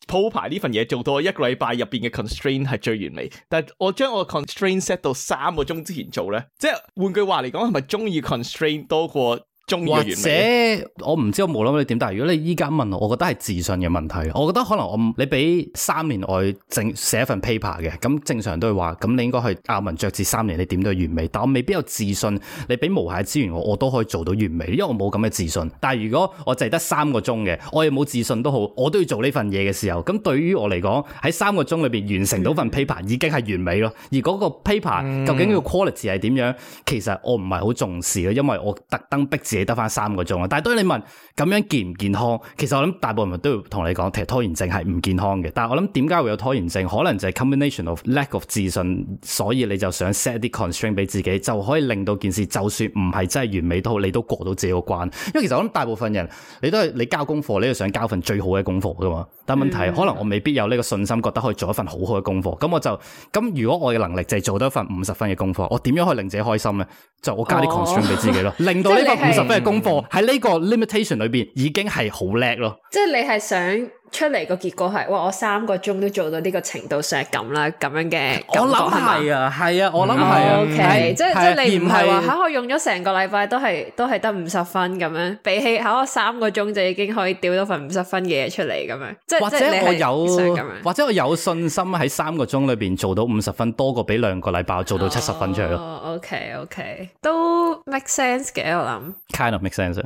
鋪排呢份嘢做到一個禮拜入邊嘅 constraint 係最完美。但係我將我 constraint set 到三個鐘之前做咧，即係換句話嚟講，係咪中意 constraint 多過？或者我唔知我冇諗到你點，但係如果你依家問我，我覺得係自信嘅問題。我覺得可能我你俾三年我整寫一份 paper 嘅，咁正常都會話，咁你應該去咬文嚼字三年，你點都係完美。但我未必有自信，你俾無限資源我，我都可以做到完美，因為我冇咁嘅自信。但係如果我就係得三個鐘嘅，我有冇自信都好，我都要做呢份嘢嘅時候，咁對於我嚟講，喺三個鐘裏邊完成到份 paper 已經係完美咯。而嗰個 paper 究竟個 quality 係點樣？其實我唔係好重視咯，因為我特登逼。自己得翻三個鐘啊！但係當然你問咁樣健唔健康？其實我諗大部分人都會同你講，其實拖延症係唔健康嘅。但係我諗點解會有拖延症？可能就係 combination of lack of 自信，所以你就想 set 啲 constraint 俾自己，就可以令到件事就算唔係真係完美都好，你都過到自己個關。因為其實我諗大部分人，你都係你交功課，你就想交份最好嘅功課㗎嘛。但問題可能我未必有呢個信心，覺得可以做一份好好嘅功課。咁我就咁，如果我嘅能力就係做得一份五十分嘅功課，我點樣可以令自己開心咧？就我加啲 control 俾自己咯，令到呢份五十分嘅功課喺呢個 limitation 裏邊已經係好叻咯。即係你係想。出嚟個結果係，哇！我三個鐘都做到呢個程度上咁啦，咁樣嘅。我諗係啊，係啊，我諗係啊。O K，即即係你唔係話喺我用咗成個禮拜都係都係得五十分咁樣，比起喺我三個鐘就已經可以屌到份五十分嘅嘢出嚟咁樣。即或者我有，或者我有信心喺三個鐘裏邊做到五十分，多過俾兩個禮拜做到七十分出嚟咯。O K，O K，都 make sense 嘅，我諗。Kind of make sense。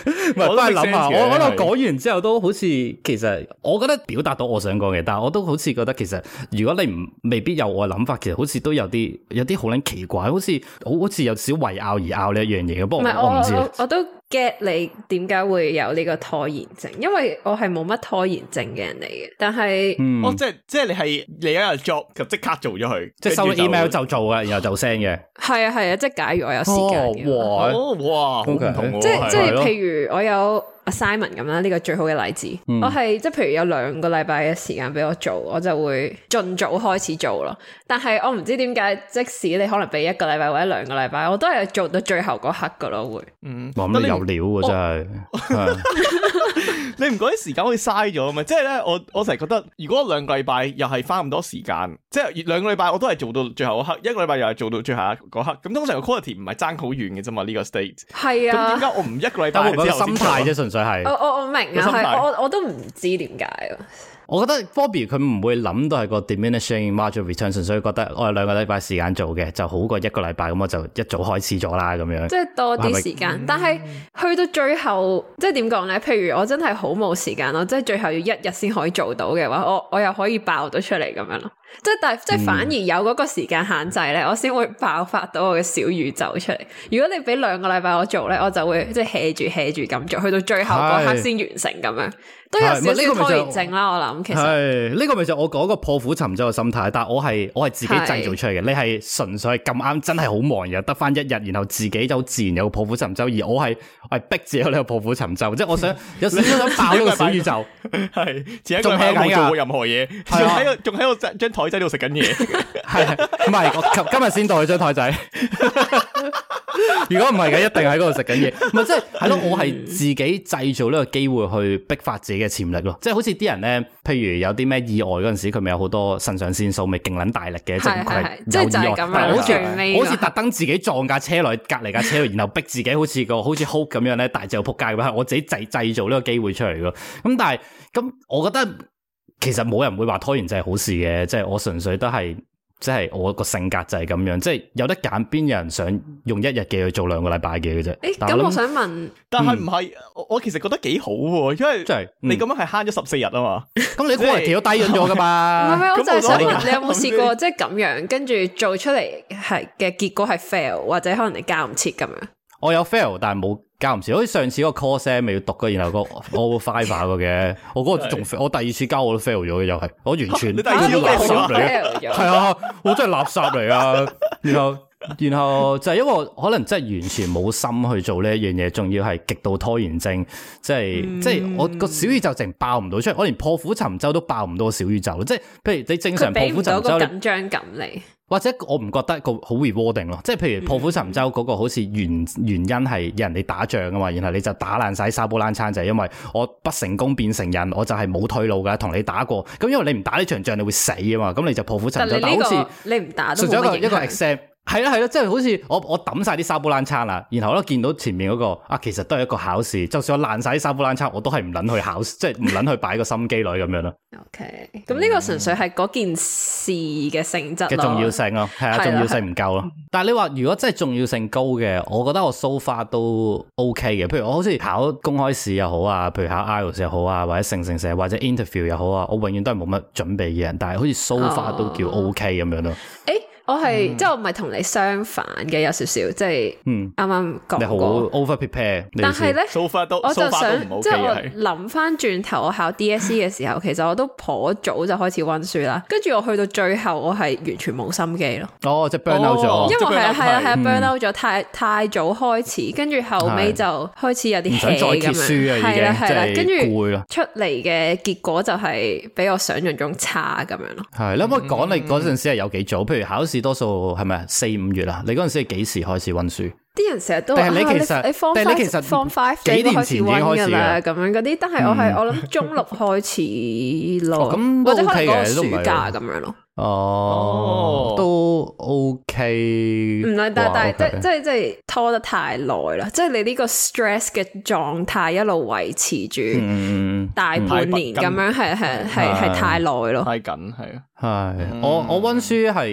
唔係翻去諗啊！我覺得我講完之後都。好似其實我覺得表達到我想講嘅，但係我都好似覺得其實如果你唔未必有我嘅諗法，其實好似都有啲有啲好撚奇怪，好似好好似有少少為拗而拗呢一樣嘢嘅。我不過我唔知我，我，我都。get 你點解會有呢個拖延症？因為我係冇乜拖延症嘅人嚟嘅。但係，我、嗯哦、即係即係你係你一日 job 即刻做咗佢，即係收 email 就做嘅，然後就 send 嘅。係啊，係啊，即係假如我有時間。哇哇，okay，哇，哇，好唔同嘅 okay 即係即係，的譬如我有 assignment 咁啦，呢個最好嘅例子。了我係即係，譬如有兩個禮拜嘅時間俾我做，我就會盡早開始做咯。但係我唔知點解，即使你可能俾一個禮拜或者兩個禮拜，我都係做到最後嗰刻噶咯會。嗯，料、哦、真係，你唔、就是、覺得時間可以嘥咗嘛？即係咧，我我成日覺得，如果兩個禮拜又係花咁多時間，即係兩個禮拜我都係做到最後一刻，一個禮拜又係做到最後一刻，咁通常個 quality 唔係爭好遠嘅啫嘛。呢個 state 係啊，咁點解我唔一個禮拜？我覺得心態啫，純粹係，我我我明啊，心我我我都唔知點解。我覺得 Bobby 佢唔會諗到係個 diminishing margin of return，所以覺得我係兩個禮拜時間做嘅就好過一個禮拜，咁我就一早開始咗啦咁樣。即係多啲時間，是是嗯、但係去到最後，即係點講咧？譬如我真係好冇時間咯，即係最後要一日先可以做到嘅話，我我又可以爆到出嚟咁樣咯。即係但係，即係反而有嗰個時間限制咧，我先會爆發到我嘅小宇宙出嚟。如果你俾兩個禮拜我做咧，我就會即係 h 住 h 住咁做，去到最後嗰刻先完成咁樣，都有少少拖延症啦。我諗其實呢個咪就我講個破釜沉舟嘅心態，但我係我係自己製造出嚟嘅。你係純粹咁啱真係好忙，然後得翻一日，然後自己就自然有個破釜沉舟。而我係係逼自己呢個破釜沉舟，即係我想有少少想爆呢個小宇宙。係前一句係冇做任何嘢，係啊，仲喺度台仔喺度食緊嘢，係唔係？我今日先到去張台仔，如果唔係嘅，一定喺嗰度食緊嘢。唔係即係，係咯？我係自己製造呢個機會去逼發自己嘅潛力咯。即係好似啲人咧，譬如有啲咩意外嗰陣時，佢咪有好多腎上腺素，咪勁捻大力嘅，即係即係就係咁樣。好似特登自己撞架車落去隔籬架車度，然後逼自己好似個好似哭咁樣咧，大叫撲街咁。係我自己製製造呢個機會出嚟咯。咁但係咁，我覺得。其實冇人會話拖延就係好事嘅，即、就、係、是、我純粹都係，即、就、係、是、我個性格就係咁樣，即、就、係、是、有得揀，邊有人想用一日嘅去做兩個禮拜嘅嘅啫。誒、欸，咁我，我想問，嗯、但係唔係我其實覺得幾好喎，因為即係你咁樣係慳咗十四日啊嘛，咁、就是嗯、你估然條低咗噶嘛。唔係 (laughs) 我就係想問你有冇試過即係咁樣，跟住做出嚟係嘅結果係 fail，或者可能你交唔切咁樣。我有 fail，但係冇。交唔成，好似上次嗰個 course 未要讀嘅，然後、嗰個 (laughs) 我 fail 咗嘅，我嗰個仲我第二次交我都 fail 咗嘅，又係我完全 (laughs) 你第二次垃圾嚟啊 fail 咗，係啊，我真係垃圾嚟啊， (laughs) 然後。 (laughs) 然後就係因為可能真係完全冇心去做呢一樣嘢，仲要係極度拖延症，即係、嗯、即係我個小宇宙淨爆唔到出嚟，我連破釜沉舟都爆唔到個小宇宙。即係譬如你正常破釜沉舟，緊張噉嚟，或者我唔覺得個好 rewarding 咯。即係譬如破釜沉舟嗰個好似原、嗯、原因係有人哋打仗啊嘛，然後你就打爛曬沙煲冷餐就係、是、因為我不成功變成人，我就係冇退路噶，同你打過。咁因為你唔打呢場仗你會死啊嘛，咁你就破釜沉舟。但，這個，但好似你唔打，除咗一個 except。係咯係咯，即係好似我我抌晒啲沙煲罌罉啦，然後咧見到前面嗰、嗰個啊，其實都係一個考試，就算我爛晒啲沙煲罌罉，我都係唔捻去考，即係唔捻去擺個心機女咁樣咯。OK，咁呢、嗯、個純粹係嗰件事嘅性質嘅重要性咯，係啊，的重要性唔夠咯。的但係你話如果真係重要性高嘅，我覺得我 so far 都 OK 嘅。譬如我好似考公開試又好啊，譬如考 IELTS 又好啊，或者成成成或者 interview 又好啊，我永遠都係冇乜準備嘅人，但係好似 so far 都叫 OK 咁樣咯。誒。我係即係唔係同你相反嘅有少少即係，啱啱講過 over prepare，但係咧我就想即係我諗翻轉頭我考 DSE 嘅時候，其實我都頗早就開始温書啦，跟住我去到最後我係完全冇心機咯。哦，即係 burn out 咗，因為我係係啊係 burn out 咗，太太早開始，跟住後尾就開始有啲唔想係啦係啦，跟住攰咯，出嚟嘅結果就係比我想象中差咁樣咯。係，你可唔可以講你嗰陣時係有幾早？譬如考試。多數係咪四五月啊？你嗰陣時係幾時開始溫書？啲人成日都，但係你其實，但係你其實，放 five 幾年前已經開始啦。咁樣嗰啲，但係我係我諗中六開始咯，或者開始嗰個暑假咁樣咯。哦，都 OK。唔係，但但即即即係拖得太耐啦。即係你呢個 stress 嘅狀態一路維持住大半年咁樣，係係係係太耐咯。太緊係啊。係唉、嗯，我我溫書係，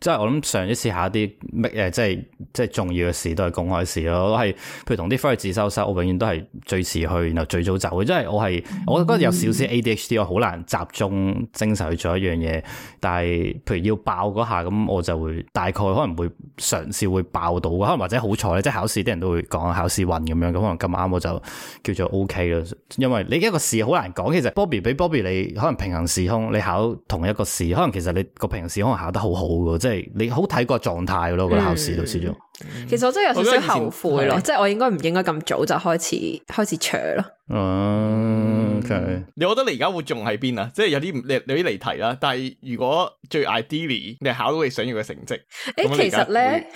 即係我諗上一次下一啲，誒，即係即係重要嘅事都係公開試咯。我係，譬如同啲 friend 去自修室，我永遠都係最遲去，然後最早走嘅。即係我係，我覺得有少少 A D H D，我好難集中精神去做一樣嘢。但係，譬如要爆嗰下，咁我就會大概可能會嘗試會爆到，可能或者好彩咧，即係考試啲人都會講考試運咁樣。咁可能咁啱我就叫做 O K 咯。因為你一個試好難講，其實 Bobby 俾 Bobby 你可能平行時空，你考同一個試。可能其實你個平時可能考得好好嘅，即係你好睇個狀態咯。個覺得考試就少咗。 (noise) (noise) 其實我真係有少少後悔咯，即係我應該唔應該咁早就開始開始坐咯。哦，你覺得你而家會仲喺邊啊？即係有啲你有啲離題啦。但係如果最 ideal，你考到你想要嘅成績，誒，其實咧，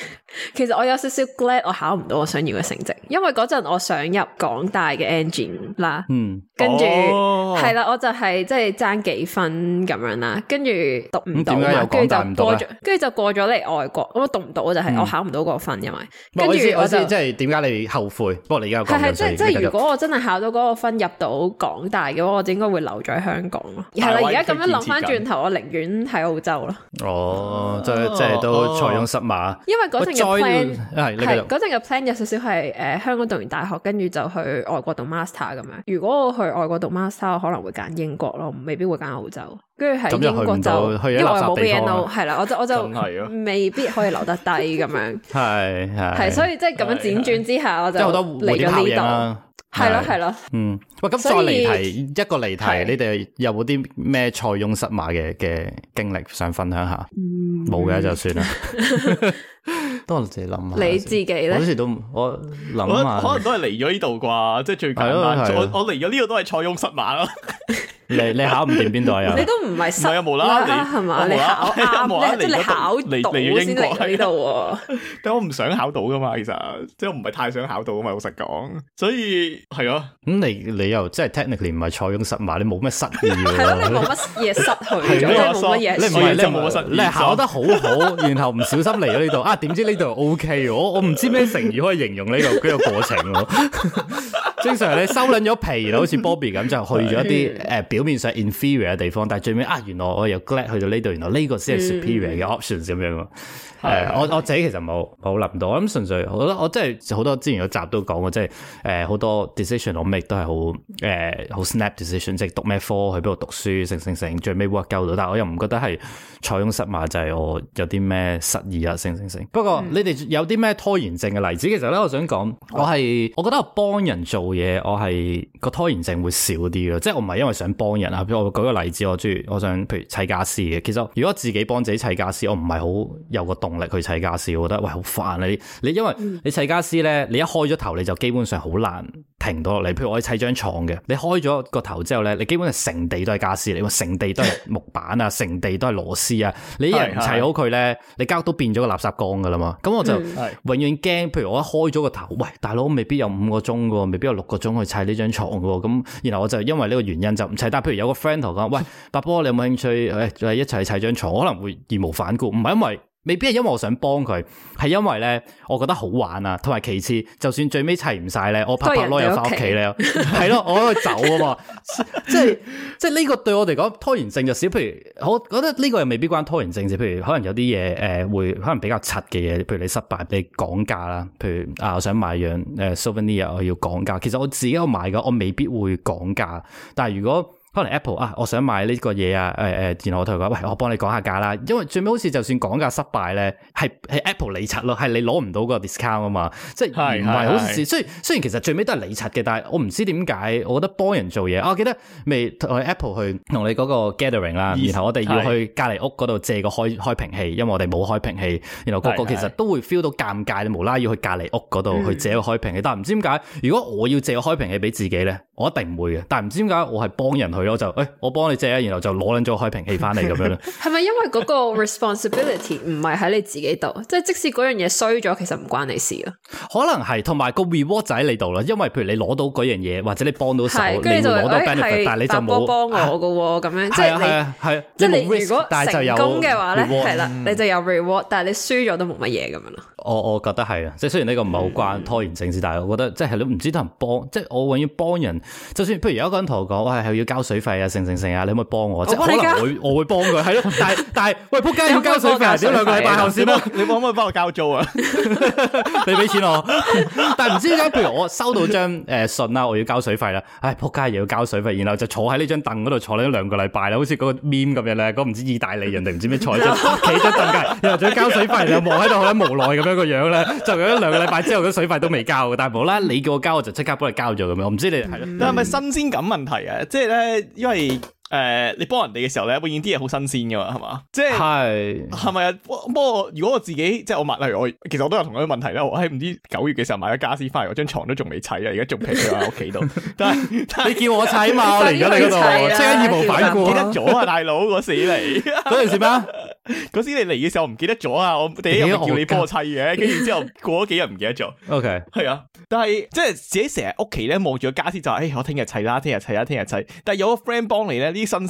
其實我有少少 glad 我考唔到我想要嘅成績，因為嗰陣我想入港大嘅 engine 啦，嗯，跟住係啦，我就係即係爭幾分咁樣啦，跟住讀唔到，跟住就過咗，跟住就過咗嚟外國。我讀唔到就係我考唔到個。分，因為跟，我先就，我先，即係點解你後悔？不過你而家係係，是是以即係，即係如果我真係考到嗰個分入到港大嘅話，我就應該會留在香港咯。係啦 (laughs) 是，而家咁樣諗翻轉頭， (laughs) 我寧願喺澳洲咯，哦哦。哦，即係即係都塞翁失馬，因為嗰陣嘅 plan 係嗰陣嘅 plan 有少少係誒香港讀完大學，跟住就去外國讀 master 咁樣。如果我去外國讀 master，我可能會揀英國咯，未必會揀澳洲。跟住喺英國就，因為冇 BNO，係啦，我就我就未必可以留得低咁樣。係係係，所以即係咁樣輾轉之下，我就即係好多蝴蝶拍影啦。係咯係咯。嗯，喂，咁再離題一個離題，你哋有冇啲咩塞翁失馬嘅嘅經歷想分享下？冇嘅就算啦。多謝諗下。你自己咧？我好似都我諗可能都係嚟咗呢度啩。即係最近。我嚟咗呢度都係塞翁失馬咯。你你考唔掂邊度啊？你都唔係失啦，係嘛？你考你考你嚟英國喺度。但我唔想考到噶嘛，其實即係我唔係太想考到，嘛，老實講。所以係啊，咁你你又即係 technically 唔係塞翁失馬，你冇咩失意。係你冇乜嘢失去，係冇乜嘢。你唔係就冇失。你考得好好，然後唔小心嚟咗呢度。啊，點知呢度 OK？我我唔知咩成語可以形容呢個呢個過程。 (laughs) 正常你收捻咗皮啦，好似 Bobby 咁就去咗一啲誒表面上 inferior 嘅地方，但係最尾啊，原來我又 glad 去到呢度，原來呢個先係 superior 嘅 options 咁、mm. 樣咯。誒，我、呃、我自己其實冇冇諗到，我諗純粹，我覺得我真係好多之前嗰集都講過，即係誒好多 decision 我 make 都係好誒好 snap decision，即係讀咩科去邊度讀書，成成成，最尾 work out 到，但係我又唔覺得係塞翁失馬，就係我有啲咩失意啊，成成成。不過你哋有啲咩拖延症嘅例子？其實咧，我想講，我係我覺得我幫人做。做嘢我係個拖延症會少啲咯，即係我唔係因為想幫人啊，譬如我舉個例子，我中意我想譬如砌家私嘅，其實如果自己幫自己砌家私，我唔係好有個動力去砌家私，我覺得喂好煩啊！你你因為，嗯，你砌家私咧，你一開咗頭你就基本上好難。停到落嚟，譬如我砌張床嘅，你開咗個頭之後咧，你基本上成地都係家私嚟，成地都係木板啊，成 (laughs) 地都係螺絲啊，你一日唔砌好佢咧，你間屋都變咗個垃圾缸噶啦嘛，咁我就永遠驚，譬如我一開咗個頭，喂，大佬未必有五個鐘噶，未必有六個鐘去砌呢張床噶，咁然後我就因為呢個原因就唔砌，但譬如有個 friend 同我講，喂，八波，你有冇興趣誒、哎、一齊砌張床？我可能會義無反顧，唔係因為。未必係因為我想幫佢，係因為咧，我覺得好玩啊，同埋其次，就算最尾砌唔晒咧，我拍拍攞又翻屋企咧，係咯， (laughs) 我可以走啊嘛， (laughs) 即係即係呢個對我嚟講，拖延症就少。譬如我覺得呢個又未必關拖延症事，譬如可能有啲嘢誒會可能比較柒嘅嘢，譬如你失敗，你講價啦，譬如啊，我想買樣誒 souvenir 我要講價。其實我自己有買嘅，我未必會講價，但係如果。可嚟 Apple 啊，我想買呢個嘢啊，誒、呃、誒，然後我同佢講，喂，我幫你講下價啦。因為最尾好似就算講價失敗咧，係係 Apple 你賊咯，係你攞唔到個 discount 啊嘛，即係唔係好事。雖然雖然其實最尾都係你賊嘅，但係我唔知點解，我覺得幫人做嘢、啊、我記得未 Apple 去同你嗰個 gathering 啦，然後我哋要去隔離屋嗰度借個開開瓶器，因為我哋冇開瓶器，然後個個其實都會 feel 到尷尬，你是、嗯、無啦要去隔離屋嗰度去借個開瓶器，但係唔知點解，如果我要借個開瓶器俾自己咧，我一定唔會嘅，但係唔知點解我係幫人去。我就誒，我幫你借啊，然後就攞緊咗開瓶器翻嚟咁樣咯。係咪因為嗰個 responsibility 唔係喺你自己度？即係即使嗰樣嘢衰咗，其實唔關你事咯。可能係，同埋個 reward 仔喺你度啦。因為譬如你攞到嗰樣嘢，或者你幫到手，你攞到 benefit，但係你就冇幫我嘅喎。咁樣即係你係即係你如果成功嘅話咧，係啦，你就有 reward，但係你輸咗都冇乜嘢咁樣咯。主持一我我覺得係啊，即係雖然呢個唔係好關拖延症事，但係我覺得即係你唔知得人幫，即係我永遠幫人。就算譬如有一個人同我講，我、呃、係要交水費啊，成成成啊，你可唔可以幫我？即可能我我會幫佢，係咯。但係但係，喂，仆街要交水費，點兩個禮拜後先麼？你可唔可以幫我交租啊？你俾錢我。但係唔知點解，譬如我收到張誒信啦，我要交水費啦。唉，仆街又要交水費，然後就坐喺呢張凳嗰度坐咗兩個禮拜啦，好似嗰個 meme 咁樣咧，嗰唔知意大利人定唔知咩菜就企咗一陣間，然後仲要交水費，又望喺度好無奈咁。咁個樣咧，就 (laughs) (laughs) 有一兩個禮拜之後，啲水費都未交嘅，但係冇啦，你叫我交，我就即刻幫你交咗咁樣。我唔知你係，係咪、嗯、新鮮感問題啊？即係咧，因為。誒、呃，你幫人哋嘅時候咧，畢竟啲嘢好新鮮噶嘛，係嘛？即係係咪啊？不過如果我自己，即係我買，例如我，其實我都有同樣問題啦。我喺唔知九月嘅時候買咗家私翻嚟，我張床都仲未砌啊，而家仲平住喺屋企度。但係你叫我砌嘛， (laughs) 我嚟咗你嗰度，即係義無反顧啊。 (laughs) 記得咗啊，大佬，我死嚟嗰陣時咩？嗰 (laughs) (laughs) (laughs) 時你嚟嘅時候唔記得咗啊？我第一日叫你幫我砌嘅，跟住 (laughs) 之後過咗幾日唔記得咗。OK，係啊。但係即係自己成日屋企咧望住個家私就係，誒、哎，我聽日砌啦，聽日砌啦，聽日砌，砌，砌。但係有個 friend 幫你咧。啲新鮮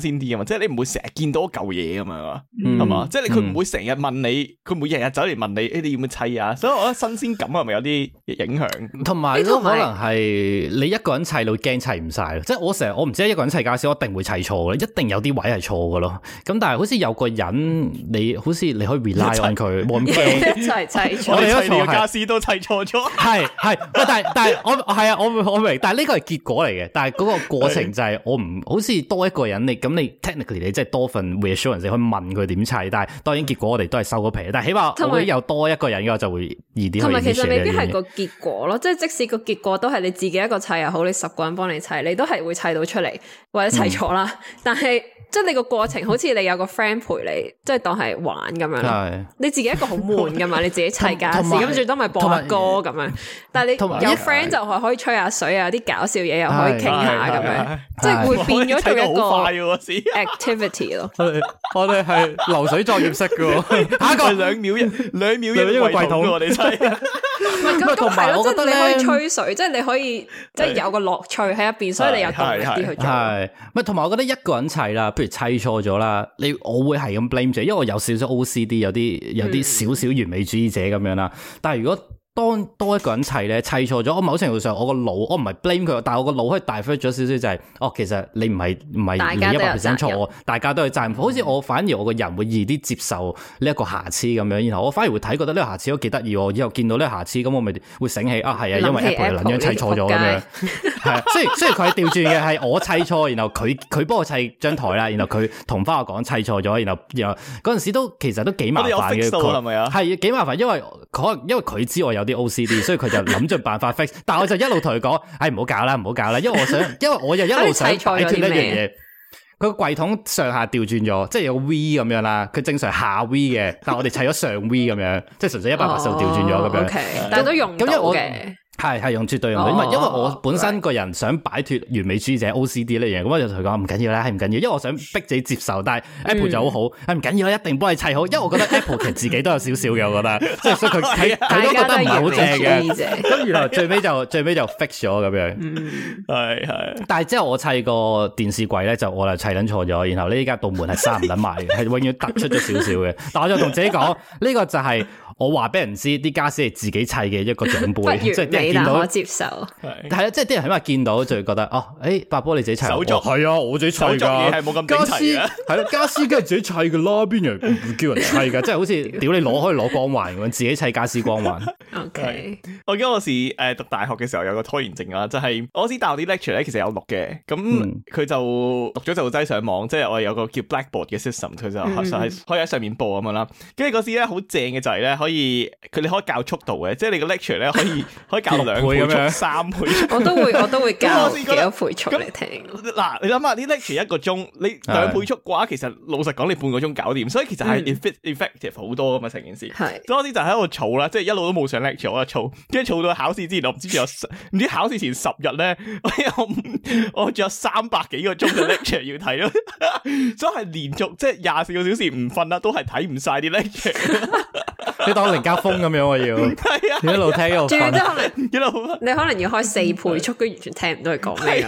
新鮮啲啊嘛，即係你唔會成日見到一舊嘢咁樣啊，係嘛？嗯，即係佢唔會成日問你，佢每日日走嚟問你，誒，你要唔要砌啊？所以我覺得新鮮感係咪有啲影響？同埋都可能係你一個人砌，到會驚砌唔晒咯。即係我成日，我唔知一個人砌家私，我一定會砌錯嘅，一定有啲位係錯嘅咯。咁但係好似有個人，你好似你可以 rely on 翻佢，我唔驚砌砌錯，我砌條家私都砌錯咗，係係，但係但係我係啊，我我明，但係呢個係結果嚟嘅，但係嗰個過程就係我唔好似。多一個人你咁你 technically 你即係多份 reassurance，你可以問佢點砌，但係當然結果我哋都係收咗皮，但係起碼我覺得有多一個人嘅話就會易啲。同埋其實未必係個結果咯，即係即使個結果都係你自己一個砌又好，你十個人幫你砌，你都係會砌到出嚟或者砌錯啦。但係即係你個過程，好似你有個 friend 陪你，即係當係玩咁樣，你自己一個好悶㗎嘛，你自己砌架事，咁最多咪播下歌咁樣。但係你有 friend 就係可以吹下水啊，有啲搞笑嘢又可以傾下咁樣，即係會變咗好快嗰時，activity 咯，我哋係流水作業式噶，下一個兩秒一，兩秒一個櫃桶，我哋砌。唔係咁，同埋我覺得你可以吹水即係你可以，即係有個樂趣喺入邊，所以你有動力啲去做係，係同埋我覺得一個人砌啦，譬如砌錯咗啦，你我會係咁 blame 住，因為我有少少 OCD 有啲有啲少少完美主義者咁樣啦。但係如果，當多一個人砌咧砌錯咗，我某程度上我個腦，我唔係 blame 佢，但係我個腦可以大 i 咗少少就係，哦其實你唔係唔係你一百 percent 錯，大家都係讚，好似我反而我個人會易啲接受呢一個瑕疵咁樣，嗯、然後我反而會睇覺得呢個瑕疵都幾得意，以後見到呢個瑕疵咁我咪會醒起，啊係啊，因為一輩係咁樣砌錯咗咁樣，係雖然雖然佢調轉嘅係我砌錯，然後佢佢幫我砌張台啦，然後佢同翻我講砌錯咗，然後然後嗰陣時都其實都幾麻煩嘅，佢係幾麻煩，因為佢因為佢之外。有啲 OCD，所以佢就諗住辦法 fix。但係我就一路同佢講，唉、 (laughs) 哎，唔好搞啦，唔好搞啦，因為我想， (laughs) 因為我又一路想睇斷呢樣嘢。佢個櫃桶上下調轉咗，即係有 V 咁樣啦。佢正常下 V 嘅，但係我哋砌咗上 V 咁樣， (laughs) 即係純粹一百八十度調轉咗咁樣。Oh, okay. 但係都用到嘅。係係用絕對用，因為因為我本身個人想擺脱完美主義者 O C D 呢樣，咁我就同佢講唔緊要啦，係唔緊要，因為我想逼自己接受。但係 Apple 就好好，係唔緊要啦，一定幫你砌好，因為我覺得 Apple 其實自己都有少少嘅，我覺得即係所以佢佢都覺得唔係好正嘅。咁然後最尾就最尾就 fix 咗咁樣，係係。但係之後我砌個電視櫃咧，就我就砌緊錯咗，然後呢依家道門係閂唔埋，係永遠突出咗少少嘅。但我就同自己講，呢個就係。我話俾人知，啲家私係自己砌嘅一個獎杯，即係啲人見到，係啊，即係啲人起碼見到就會覺得，哦，誒，白波你自己砌，手作係啊，我自己砌冇咁緊係咯，家私梗係自己砌嘅啦，邊人唔叫人砌嘅，即係好似屌你攞可以攞光環咁樣，自己砌家私光環。OK，我記得我時誒讀大學嘅時候有個拖延症啊，就係我知大學啲 lecture 咧其實有錄嘅，咁佢就錄咗就擠上網，即係我有個叫 Blackboard 嘅 system，佢就可上可以喺上面播咁樣啦。跟住嗰時咧好正嘅就係咧可可以佢哋可以教速度嘅，即係你個 lecture 咧可以可以教兩倍速、 (laughs) 三倍速。 (laughs) 我都會，我都會教幾 (laughs) 多倍速嚟聽。嗱， (laughs) 你諗下啲 lecture 一個鐘，你兩倍速嘅話，其實老實講你半個鐘搞掂。所以其實係 effective 好多噶嘛，成件事。係 (laughs) 是，嗰時就喺度嘈啦，即係一路都冇上 lecture，我一嘈，跟住嘈到考試之前，我唔知仲有唔 (laughs) 知考試前十日咧，我有我仲有三百幾個鐘嘅 lecture 要睇咯。所以係連續，即係廿四個小時唔瞓啦，都係睇唔晒啲 lecture。你當零家風咁樣我要，你一路聽一路，即可能一路，你可能要開四倍速，跟住完全聽唔到佢講咩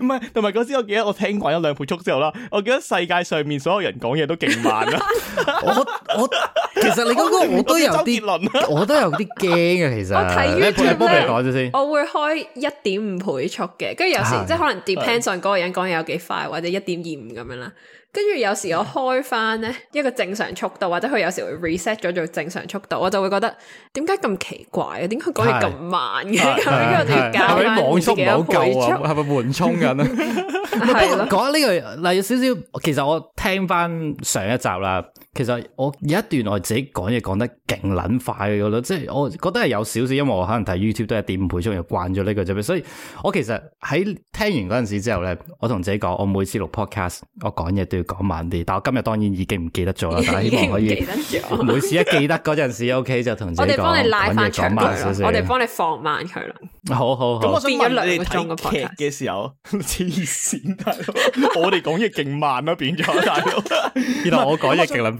唔係，同埋嗰時我記得我聽慣咗兩倍速之後啦，我記得世界上面所有人講嘢都勁慢啦。 (laughs) 我我其實你嗰個我都有啲， (laughs) 我都有啲驚啊。其實，我睇 YouTube 咧，我會開一點五倍速嘅，跟住有時即係 (laughs) 的可能 depend on 嗰個人講嘢有幾快，或者一點二五咁樣啦。跟住有時我開翻咧一個正常速度，或者佢有時會 reset 咗做正常速度，我就會覺得點解咁奇怪啊？點解講嘢咁慢嘅？因係咪網速唔係好夠啊？係咪緩衝緊啊？不過講下呢個，例如少少，其實我聽翻上一集啦。其實我有一段我自己講嘢講得勁撚快嘅咯，即、就、係、是、我覺得係有少少，因為我可能睇 YouTube 都係點五倍速，慣咗呢個啫。所以我其實喺聽完嗰陣時之後咧，我同自己講，我每次錄 podcast，我講嘢都要講慢啲。但我今日當然已經唔記得咗啦，但係希望可以每次一記得嗰陣時，O K、哦、就同自己講， (laughs) 我哋幫你拉慢講慢少少，我哋幫你放慢佢啦、嗯。好好好，咁變咗兩個鐘嘅時候，黐線，我哋講嘢勁慢啦，變咗，大佬， (laughs) (laughs) (laughs) 原來我講嘢勁撚。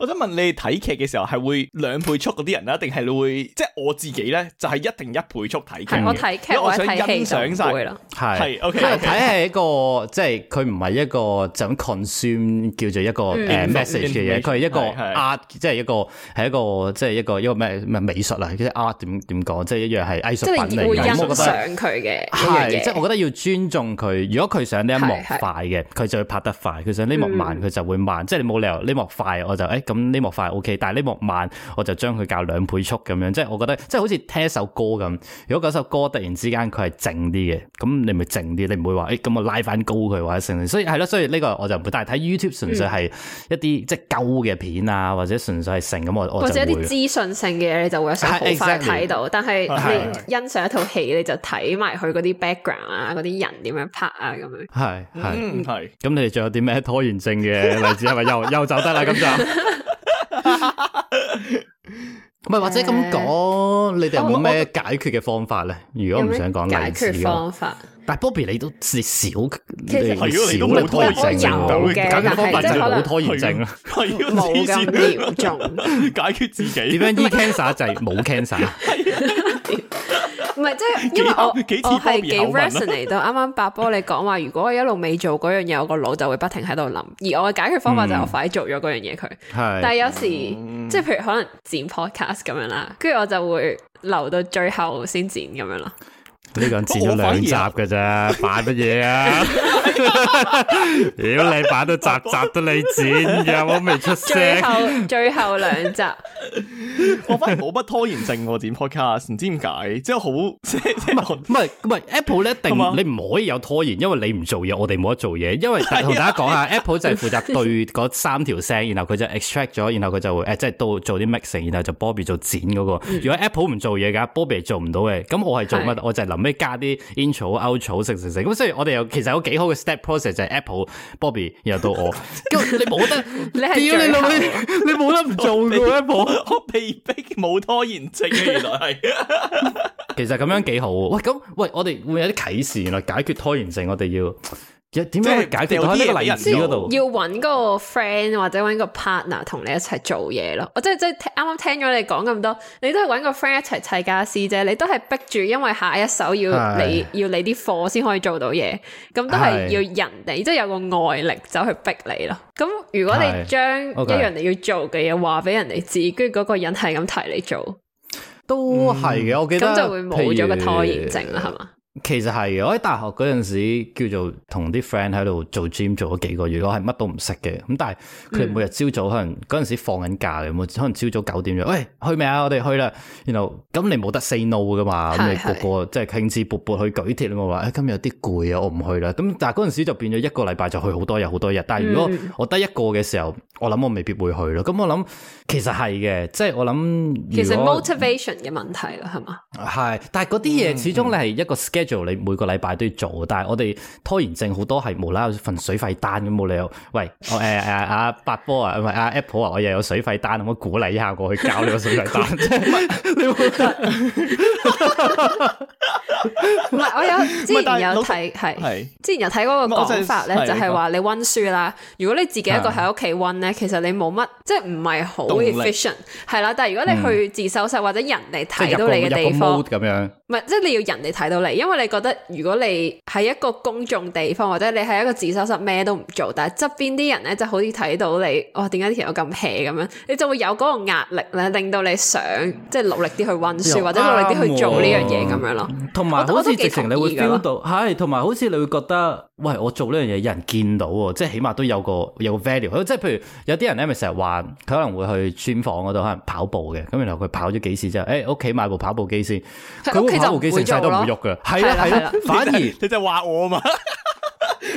我想問你睇劇嘅時候係會兩倍速嗰啲人啦，定係你會即係我自己咧，就係一定一倍速睇劇。我睇劇，我想欣賞晒佢啦。係，OK。睇係一個即係佢唔係一個想 consume 叫做一個 message 嘅嘢，佢係一個 art，即係一個係一個即係一個一個咩咩美術啊，即係 art 點點講，即係一樣係藝術品嚟嘅。即係會欣賞佢嘅。係，即係我覺得要尊重佢。如果佢想呢一幕快嘅，佢就會拍得快；佢想呢幕慢，佢就會慢。即係你冇理由呢幕快，我就誒。咁呢幕快係 O K，但係呢幕慢，我就將佢校兩倍速咁樣，即係我覺得，即係好似聽一首歌咁。如果嗰首歌突然之間佢係靜啲嘅，咁你咪靜啲，你唔會話誒咁我拉翻高佢或者成。所以係咯，所以呢個我就唔會，但係睇 YouTube 純粹係一啲、嗯、即係舊嘅片啊，或者純粹係成咁我我或者一啲資訊性嘅嘢你就會想好快睇到，啊、exactly，但係你欣賞一套戲你就睇埋佢嗰啲 background 啊，嗰啲人點樣拍啊咁、嗯、樣。係係係，咁、嗯、你哋仲有啲咩拖延症嘅例子係咪又又走得啦咁就？ (laughs) (laughs) 唔係， (laughs) 或者咁講，你哋有冇咩解決嘅方法咧？如果唔想講解決方法，但係 Bobby 你都少少少好拖延症嘅，係就係冇拖延症啊！冇咁，嚴重 (laughs) 解決自己點樣？醫 cancer 就係冇 cancer。 (laughs) (laughs) 唔係即係因為我我係幾 resonate 到啱啱 Bobby 你講話， (laughs) 如果我一路未做嗰樣嘢，我個腦就會不停喺度諗，而我嘅解決方法就係我快做咗嗰樣嘢佢。嗯、但係有時、嗯、即係譬如可能剪 podcast 咁樣啦，跟住我就會留到最後先剪咁樣咯。呢個剪咗兩集嘅啫，扮乜嘢啊？屌你，扮到集集都你剪嘅，我未出聲。最後最後兩集，我反而冇乜拖延症，我點開卡唔知點解，即係好即係唔係唔係 Apple 咧？定你唔可以有拖延，因為你唔做嘢，我哋冇得做嘢。因為同大家講下，Apple 就係負責對嗰三條聲，然後佢就 extract 咗，然後佢就會誒，即係到做啲 mixing，然後就 Bobby 做剪嗰個。如果 Apple 唔做嘢噶，Bobby 做唔到嘅，咁我係做乜？我就係諗。加啲 intro、outro 食食食咁，所以我哋又其實有幾好嘅 step process，就係 Apple、Bobby 又到我。 (laughs) 你冇得， (laughs) 你要你老味，你冇得唔做嘅一部，Apple (laughs) 我被迫冇拖延症嘅，原來係。其實咁樣幾好，喂，咁喂，我哋會有啲啟示，原來解決拖延症，我哋要。點樣去解決呢個人度？要揾個 friend 或者揾個 partner 同你一齊做嘢咯。我即係即係啱啱聽咗你講咁多，你都係揾個 friend 一齊砌家私啫。你都係逼住，因為下一手要你是要你啲貨先可以做到嘢。咁都係要人哋，是即係有個外力走去逼你咯。咁如果你將一樣你要做嘅嘢話俾人哋知，跟住嗰個人係咁提你做，嗯、都係嘅。我記得咁就會冇咗個拖延症啦，係嘛如？其實係我喺大學嗰陣時，叫做同啲 friend 喺度做 gym 做咗幾個月，我係乜都唔識嘅。咁但係佢哋每日朝早、嗯、可能嗰陣時放緊假嘅，咁可能朝早九點咗，喂、哎，去未啊？我哋去啦。然後咁你冇得 say no 嘅嘛，咁是你個個即係興致勃勃去舉鐵啦嘛。話誒、哎，今日有啲攰啊，我唔去啦。咁但係嗰陣時就變咗一個禮拜就去好多日好多日。但係如果我得一個嘅時候，我諗我未必會去咯。咁我諗其實係嘅，即係我諗其實 motivation 嘅問題啦，係嘛？係，但係啲嘢始終你係一個做你每個禮拜都要做，但係我哋拖延症好多係無啦啦份水費單咁冇理由。喂，我誒誒阿 Bobby 啊，唔係阿、啊、Apple 啊，我又有水費單，咁我鼓勵一下過去搞呢個水費單啫。你會唔會覺得？唔係我有之前有睇，係係是是之前有睇嗰個講法咧，就係話你溫書啦。如果你自己一個喺屋企溫咧，的其實你冇乜，即係唔係好 efficient 係啦。但係如果你去自修室或者人哋睇到你嘅地方咁、嗯、樣。唔係，即係你要人哋睇到你，因為你覺得如果你喺一個公眾地方，或者你喺一個自修室咩都唔做，但係側邊啲人咧就好似睇到你，哇，點解條友咁 hea 咁樣？你就會有嗰個壓力咧，令到你想即係努力啲去溫書，或者努力啲去做呢樣嘢咁樣咯。同埋，好似直情你會 feel 到，係，同埋好似你會覺得，喂，我做呢樣嘢有人見到啊，即係起碼都有個有個 value。即係譬如有啲人咧，咪成日話佢可能會去專房嗰度可能跑步嘅，咁然後佢跑咗幾次之後，誒，屋企買部跑步機先，佢會。就唔會曬都唔喐嘅，係啊係啊，反而你就話我啊嘛。 (laughs)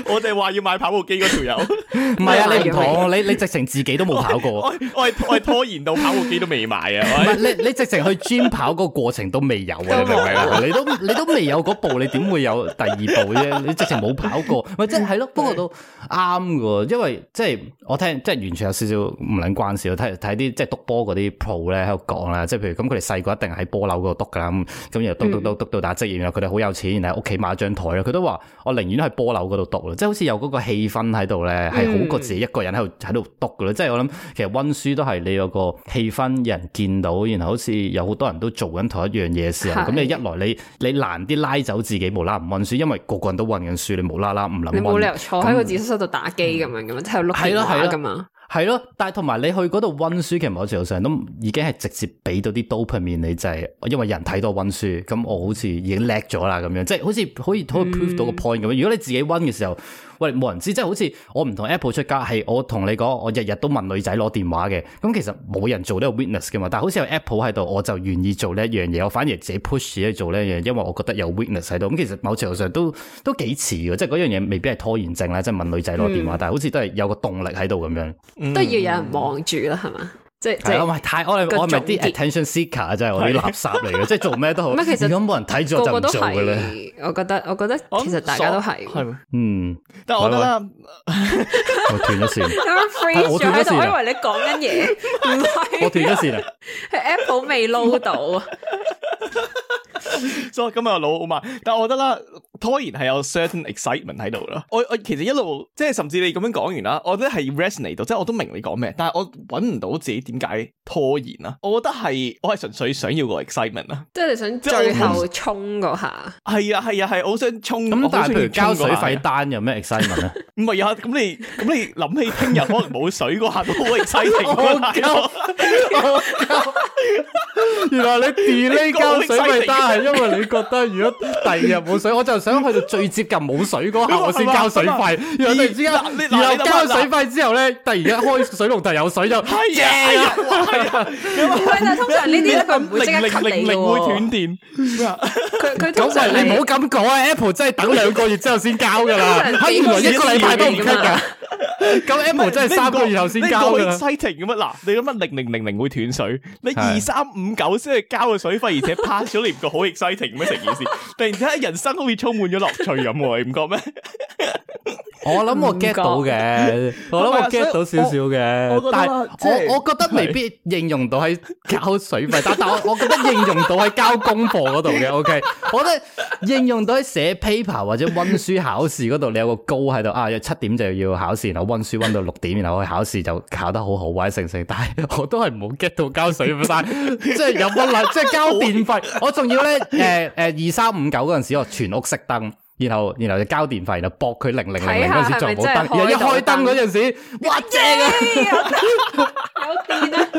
我哋係話要買跑步機嗰條友，唔係 (laughs) 啊？你唔同， (laughs) 你你直情自己都冇跑過，我我,我拖延到跑步機都未買啊！ (laughs) 你你直情去 gym 跑個過程都未有啊？你明唔明都你都未有嗰步，你點會有第二步啫？你直情冇跑過，咪即係咯？ (laughs) 不過都啱噶，因為即係我聽，即係完全有少少唔撚關事。睇睇啲即係督波嗰啲 pro 咧喺度講啦，即係譬如咁，佢哋細個一定喺波樓嗰度督噶，啦。咁又督督督督到打職業，然後佢哋好有錢，然後屋企買張台啦。佢都話我寧願係波樓。度讀咯，即係好似有嗰個氣氛喺度咧，係好過自己一個人喺度喺度讀嘅咯。即係、嗯、我諗，其實温書都係你有個氣氛，有人見到，然後好似有好多人都做緊同一樣嘢嘅時候，咁你是一來你你難啲拉走自己無啦唔温書，因為個個人都温緊書，你無啦啦唔諗。你冇理由坐喺個自修室度打機咁樣咁樣，即係碌。係咯，係咯咁啊！係咯，但係同埋你去嗰度温書，其實某程度上都已經係直接俾到啲 dopamine 你，就係、是、因為人睇到温書，咁我好似已經叻咗啦咁樣，即係好似可以可、嗯、以 prove 到個 point 咁。如果你自己温嘅時候。喂，冇人知，即係好似我唔同 Apple 出街，係我同你講，我日日都問女仔攞電話嘅。咁其實冇人做呢個 Witness 嘅嘛，但係好似有 Apple 喺度，我就願意做呢一樣嘢。我反而自己 push 去做呢一樣，因為我覺得有 Witness 喺度。咁其實某程度上都都幾似嘅，即係嗰樣嘢未必係拖延症啦，即係問女仔攞電話，嗯、但係好似都係有個動力喺度咁樣，嗯、都要有人望住啦，係嘛？即係我咪太我哋我咪啲 attention seeker 真係我啲垃圾嚟嘅，即係做咩都好。咁如果冇人睇住我，就唔做嘅咧，我覺得我覺得其實大家都係。係咩？嗯，但係我覺得我斷咗線。我斷咗線，我以為你講緊嘢，唔係。我斷咗線，係 Apple 未 load 到啊。所以再咁又老啊嘛？但係我得啦。拖延係有 certain excitement 喺度咯，我我其實一路即係甚至你咁樣講完啦，我都係 resonate 到，即係我都明你講咩，但係我揾唔到自己點解拖延啦。我覺得係我係純粹想要個 excitement 啦，即係你想最後衝嗰下。係啊係啊係，我想衝。咁但係譬如交水費單有咩 excitement 啊？唔係啊，咁你咁你諗起聽日可能冇水嗰下都好 exciting。原來你 delay 交水費單係因為你覺得如果第二日冇水，我就想。咁去到最接近冇水嗰下，我先交水費。然後突然之間，然後交咗水費之後咧，突然一開水龍頭有水就係，係啊，通常呢啲一個會即刻 cut 你噶。零零零零會斷電。佢咁你唔好咁講啊！Apple 真係等兩個月之後先交噶啦，佢原來一個禮拜都唔 cut 噶。咁 M O 真係三個月後先交嘅，exciting 嘅咩？嗱，你諗乜零零零零會斷水？你二三五九先係交個水費，而且 pass 咗，你唔覺好 exciting 嘅咩成件事？突然之間人生好似充滿咗樂趣咁，你唔覺咩？我諗我 get 到嘅，我諗我 get 到少少嘅，但係我我覺得未必應用到喺交水費，但但係我我覺得應用到喺交功課嗰度嘅。OK，我覺得應用到喺寫 paper 或者溫書考試嗰度，你有個高喺度啊，七點就要考試啦。溫書溫到六點，然後去考試就考得好好，威成成。但係我都係唔好 get 到交水費，即係 (laughs) 有乜嚟？即、就、係、是、交電費， (laughs) 我仲要咧、呃呃？二三五九嗰陣時候我全屋熄燈。然後然後就交電費，然後駁佢零零零嗰陣時再唔好，然後一開燈嗰陣時，哇正啊，有電啊！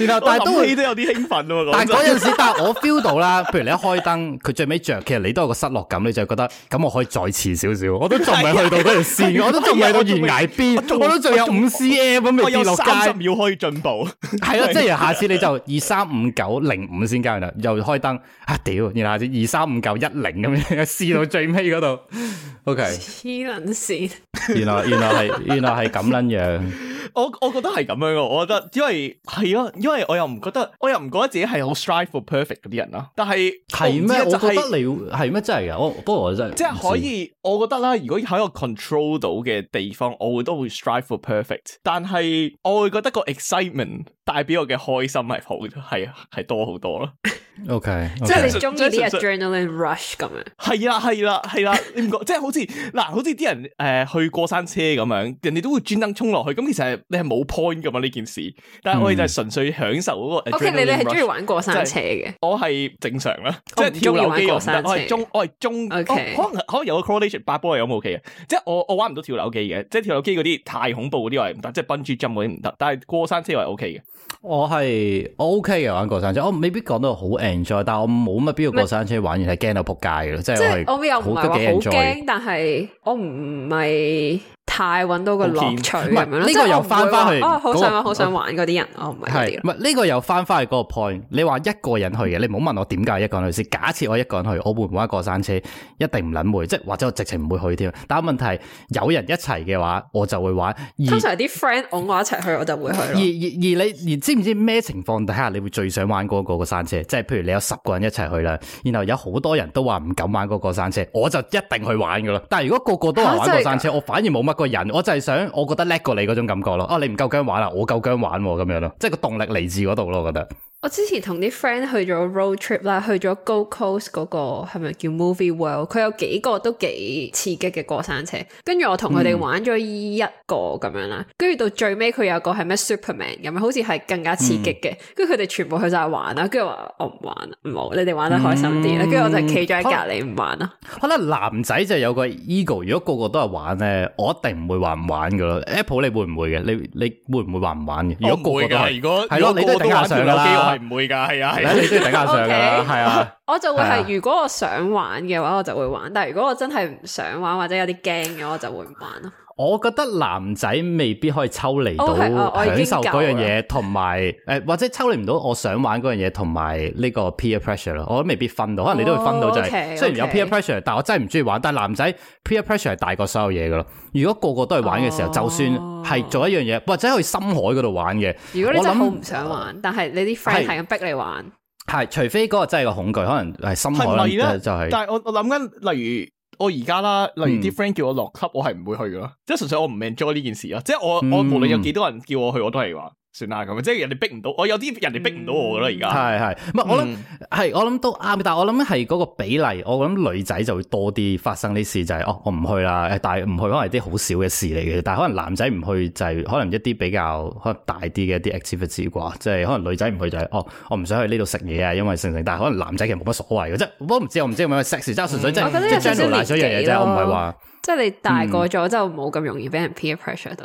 然後但係都起都有啲興奮啊，但係嗰陣時，但係我 feel 到啦，譬如你一開燈，佢最尾着，其實你都有個失落感，你就覺得咁我可以再遲少少，我都仲未去到嗰條線，我都仲未到懸崖邊，我都仲有五 cm 咁未跌落街，十秒可以進步，係咯，即係下次你就二三五九零五先交啦，又開燈啊屌，然後下次二三五九一零咁樣試到最屘。喺嗰度，OK。黐撚線，原來原來係原來係咁撚樣。 (laughs) 我我覺得係咁樣噶，我覺得、啊，覺得因為係啊，因為我又唔覺得，我又唔覺得自己係好 strive pe for perfect 嗰啲人咯、啊。但係係咩？我覺得你係咩真係噶？我不過我真係，即係 (laughs) 可以，我覺得啦，如果喺個 control 到嘅地方，我會都會 strive pe for perfect。但係我會覺得個 excitement。代表我嘅開心係好係係多好多咯。OK，即係你中意啲 adrenaline rush 咁樣。係啦係啦係啦，你唔覺即係好似嗱，好似啲人誒去過山車咁樣，人哋都會專登衝落去。咁其實你係冇 point 㗎嘛呢件事。但係我哋就係純粹享受嗰個。OK，你你係中意玩過山車嘅？我係正常啦，即係跳樓機過山車 (laughs) 我。我係中 Okay. 我係中。可能可能有個 correlation 八波係有冇 OK 嘅？即係我我，我玩唔到跳樓機嘅，即係跳樓機嗰啲太恐怖嗰啲我係唔得，即係 bungee jump 啲唔得。但係過山車我係 OK 嘅。我係我 OK 嘅玩過山車，我未必講到好 enjoy，但係我冇乜必要過山車玩完係驚到仆街嘅，即係我，我又唔係好 enjoy 但係我唔係。太揾到個樂趣呢是樣又是即係、啊、去、那個。會好、啊、想好、那個、想玩嗰啲人，是哦，唔係嗰呢個又翻翻去嗰個 point。你話一個人去嘅，你唔好問我點解一個人去先。假設我一個人去，我會唔會玩過山車，一定唔撚會。即或者我直情唔會去添。但係問題有人一齊嘅話，我就會玩。通常啲 friend 㧬我一齊去，我就會去而而，而你而知唔知咩情況底下你會最想玩嗰個過山車？即係譬如你有十個人一齊去啦，然後有好多人都話唔敢玩嗰過山車，我就一定去玩噶啦。但係如果個個都係玩過山車，啊、是我反而冇乜個。人我就係想，我覺得叻過你嗰種感覺咯。啊，你唔夠姜玩啦，我夠姜玩咁樣咯，即係個動力嚟自嗰度咯，我覺得。我之前同啲 friend 去咗 road trip 啦、那個，去咗 Gold Coast 嗰個係咪叫 Movie World？佢有幾個都幾刺激嘅過山車，跟住我同佢哋玩咗呢一個咁、嗯、樣啦。跟住到最尾佢有個係咩 Superman 咁樣，好似係更加刺激嘅。跟住佢哋全部去晒玩啦。跟住我話我唔玩，唔好你哋玩得開心啲啦。跟住、嗯、我就企咗喺隔離唔玩啦。可能男仔就有個 ego，如果個個都係玩咧，我一定唔會話唔玩噶 Apple 你會唔會嘅？你你會唔會話唔玩嘅？我唔會噶，如果係咯，如果如果如果你都頂下上噶啦。我係唔會噶，係啊，啊，你都頂下上噶，係啊。我，我就會係，如果我想玩嘅話，我就會玩。但係如果我真係唔想玩或者有啲驚嘅，我就會唔玩咯。我覺得男仔未必可以抽離到 okay,、oh, 享受嗰樣嘢，同埋誒或者抽離唔到我想玩嗰樣嘢，同埋呢個 peer pressure 咯，我都未必分到，可能你都會分到就係、是 oh, okay , okay. 雖然有 peer pressure，但我真係唔中意玩。但係男仔 peer pressure 係大過所有嘢噶咯。如果個個都係玩嘅時候，oh. 就算係做一樣嘢，或者去深海嗰度玩嘅，如果你真係好想唔想玩，是但係你啲 friend 係咁逼你玩，係除非嗰個真係個恐懼，可能係深海是是，就係、就是。但係我我諗緊例如。我而家啦，例如啲 friend 叫我落 club，我係唔會去噶啦，即係純粹我唔 enjoy 呢件事啊！即係我我無論有幾多人叫我去，我都係話。算啦，咁即係人哋逼唔到，我有啲人哋逼唔到我啦，而家係係，係我諗係我諗都啱，但係我諗係嗰個比例，我諗女仔就會多啲發生呢事，就係哦，我唔去啦，但係唔去可能係啲好少嘅事嚟嘅，但係可能男仔唔去就係可能一啲比較可能大啲嘅一啲 activities 啩，即係可能女仔唔去就係哦，我唔想去呢度食嘢啊，因為成成，但係可能男仔其實冇乜所謂嘅，即係我都唔知，我唔知點解 sex 即係純粹即係即係 general 嘅一樣嘢啫，我唔係話即係你大個咗就冇咁容易俾人 peer pressure 到。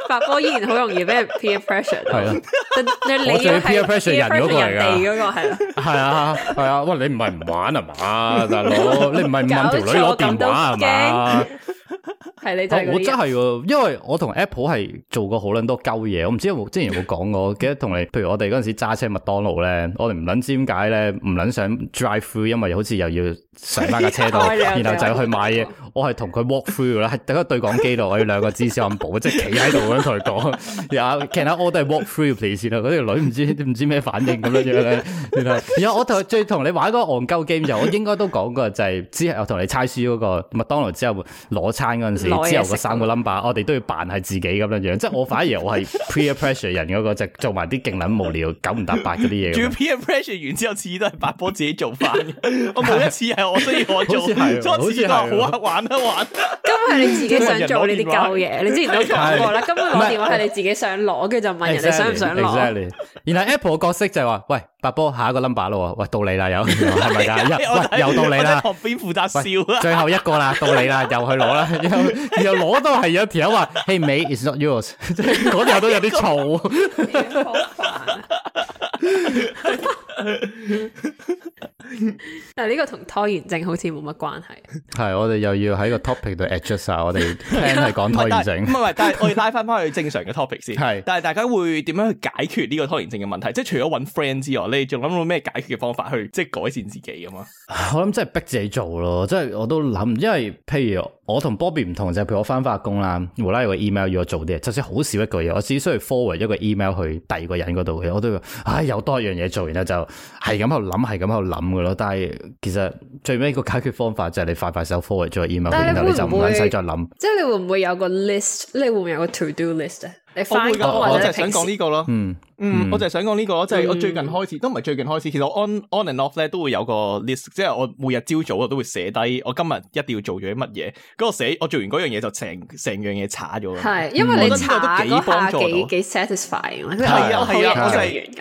發哥依然好容易俾 peer pressure，我最 peer pressure 人嗰個嚟㗎，地嗰個係啊，係啊， (laughs) 喂，你唔係唔玩啊嘛，大佬， (laughs) 你唔係唔問條女攞電話係嘛？係你真係、啊、我真係喎，因為我同 Apple 係做過好撚多鳩嘢，我唔知之前有冇講過，記得同你，譬如我哋嗰陣時揸車麥當勞咧，我哋唔撚知點解咧，唔撚想 drive through 因為好似又要上返架車度， (laughs) 然後就要去買嘢， (laughs) 我係同佢 walk through 噶 h 啦，喺第一對講機度，我哋兩個芝士暗堡即係企喺度同佢講有，其實我都係 walk through please。嗰、那、條、個、女唔知唔知咩反應咁樣樣咧，然後我同最同你玩嗰個戇鳩 game 就，我應該都講過就係、是，之後我同你猜輸嗰、那個麥當勞之後攞餐嗰陣時，東之後個三個 number，了我哋都要扮係自己咁樣樣，即、就、係、是、我反而我係 peer pressure 人嗰、那個，即做埋啲勁撚無聊、九唔搭八嗰啲嘢。住 peer pressure 完之後，次次都係八波自己做翻， (laughs) (laughs) 我每一次係我需要我做， (laughs) 好似係是，好好啊玩啊玩。根本係你自己想做呢啲鳩嘢，你之前都講過啦，今 (laughs) 是的 (laughs) 唔係，電話係你自己想攞，嘅，就問人哋想唔想攞。零三年，然後,、Exactly. 後 Apple 嘅角色就係話：，喂，八波下一個 number 咯喂，到你啦，又係咪噶？喂 (laughs) 又到你啦，邊負責笑啊？最後一個啦， (laughs) 到你啦，又去攞啦，然又攞到係有條友話：，嘿 (laughs) ，mate、 (laughs) hey,，is not yours。嗰 (laughs) 條友都有啲嘈。好煩。 (laughs) 但係呢個同拖延症好似冇乜關係。係，我哋又要喺個 topic 度 address 下， (laughs) 我哋聽係講拖延症。唔係，唔係，但係 (laughs) 我哋拉翻翻去正常嘅 topic 先。係， (laughs) 但係大家會點樣去解決呢個拖延症嘅問題？即係是除咗搵 friend 之外，你仲諗到咩解決嘅方法去即係改善自己噶嘛？我諗即係逼自己做咯。即係我都諗，因為譬如我同 Bobby 唔同，就係譬如我翻翻工啦，無啦有個 email 要我做啲嘢，就算好少一個嘢，我只需要 forward 一個 email 去第二個人嗰度嘅，我都話唉。有多樣嘢做，然後就係咁喺度諗，係咁喺度諗嘅咯。但係其實最尾個解決方法就係你快快手 forward 咗 email 然後你就唔使再諗。即係你會唔會有個 list？你會唔會有個 to do list 咧？你我即係想講呢個咯，嗯嗯，我就係想講呢個咯，即係、嗯、我最近開始，都唔係最近開始，其實 on on and off 咧都會有個 list，即係我每日朝早我都會寫低，我今日一定要做咗啲乜嘢。咁我寫，我做完嗰樣嘢就成成樣嘢叉咗係，因為你叉、嗯、都幾幫助幾 satisfy，係 (laughs) 啊係啊， (laughs) 啊我我， (laughs) 我就係，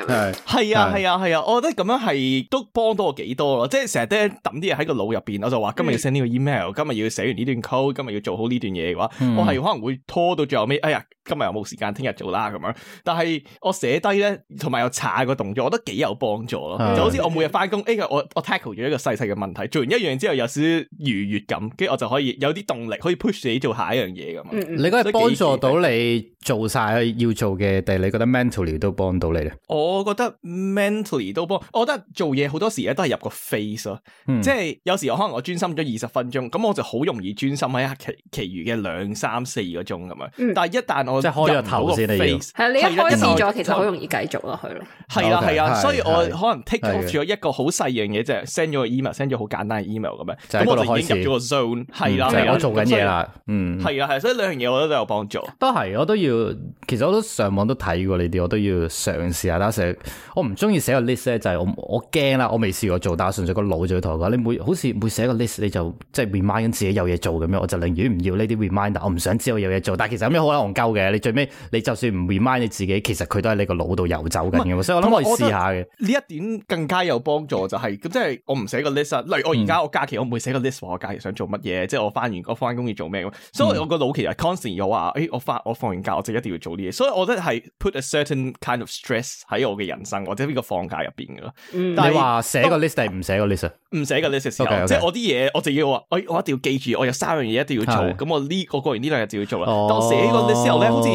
係啊係啊係啊，我覺得咁樣係都幫到我幾多咯，即係成日都抌啲嘢喺個腦入邊，我就話今日要 send 呢個 email、嗯、今日要寫完呢段 code，今日要做好呢段嘢嘅話，我係可能會拖到最後尾，哎呀。今日又冇時間，聽日做啦咁樣。但係我寫低咧，同埋又查下個動作，我覺得幾有幫助咯。是的 就好似我每日翻工，哎、欸，我我 tackle 咗一個細細嘅問題，做完一樣之後有少少愉悅感，跟住我就可以有啲動力，可以 push 自己做下一樣嘢咁。你嗰個幫助到你。做晒要做嘅，但係你覺得 mentally 都幫到你咧？我覺得 mentally 都幫，我覺得做嘢好多時咧都係入個 phase 咯，即係有時我可能我專心咗二十分鐘，咁我就好容易專心喺其其餘嘅兩三四個鐘咁樣。但係一旦我即係開個頭先，你要係你一開始咗，其實好容易繼續落去咯。係啊，係啊，所以我可能 take off 咗一個好細樣嘢，即係 send 咗個 email，send 咗好簡單嘅 email 咁樣，就係我已經入咗個 zone，係啦，我做緊嘢啦，嗯，係啊係，所以兩樣嘢我覺得都有幫助。都係，我都要。要，其實我都上網都睇過你哋，我都要嘗試下。但係實，我唔中意寫個 list 咧，就係我我驚啦，我未試過做。但係純粹個腦喺度講，你每好似每寫個 list，你就即係 remind 自己有嘢做咁樣，我就寧願唔要呢啲 reminder 我唔想知道我有嘢做。但係其實有咩好鬼戇鳩嘅。你最尾你就算唔 remind 你自己，其實佢都喺你個腦度遊走緊嘅。是所以我諗可以試下嘅。呢一點更加有幫助就係、是、咁，即係我唔寫個 list 例如我而家我假期，我唔會寫個 list 我假期想做乜嘢，嗯、即係我翻完我翻工要做咩所以我個腦其實 constant、哎、我翻我放完我就一定要做啲嘢，所以我都係 put a certain kind of stress 喺我嘅人生或者呢個放假入邊噶。但你話寫個 list 定係唔寫個 list？唔寫個 list 嘅時候，即係我啲嘢我就要話，我我一定要記住，我有三樣嘢一定要做，咁我呢個過完呢兩日就要做啦。但我寫個 list 之後咧，好似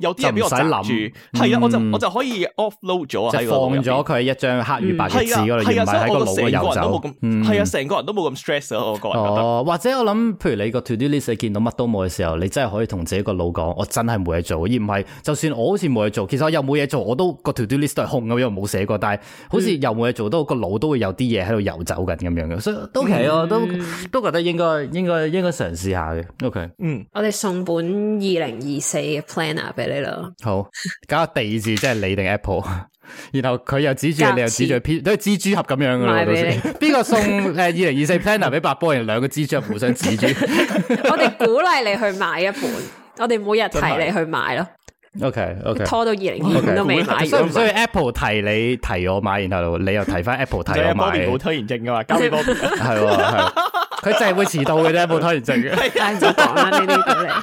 有啲俾我諗住，係啊，我就我就可以 offload 咗啊，放咗佢一張黑與白嘅紙嗰度，而唔係喺個腦。係啊，成個人都冇咁，係啊，成個人都冇咁 stress 咯。我個人覺得，或者我諗，譬如你個 to do list 見到乜都冇嘅時候，你真係可以同自己個腦講：我真係冇嘢做。而唔係，就算我好似冇嘢做，其實我又冇嘢做，我都個 to do list 係空咁樣，冇寫過。但係好似又冇嘢做，都個腦都會有啲嘢喺度游走緊咁樣嘅，所以都 OK 咯，嗯、都都覺得應該應該應該嘗試下嘅。OK，嗯，我哋送本二零二四嘅 planner 俾你啦。好，搞加地址即係你定 Apple，然後佢又指住你， (laughs) 你又指住 P，都係蜘蛛俠咁樣噶啦。到時邊個送誒二零二四 planner 俾白波定兩個蜘蛛俠互相指住，我哋鼓勵你去買一本。我哋每日提你去買咯，OK OK，, okay. okay. 拖到二零二年都未買，所以所 (laughs) 以 Apple 提你提我買， (laughs) 然後你又提翻 Apple 提我買，冇拖延症噶嘛，交期冇，係係，佢淨係會遲到嘅啫，冇拖延症嘅，唔好講呢啲嘢。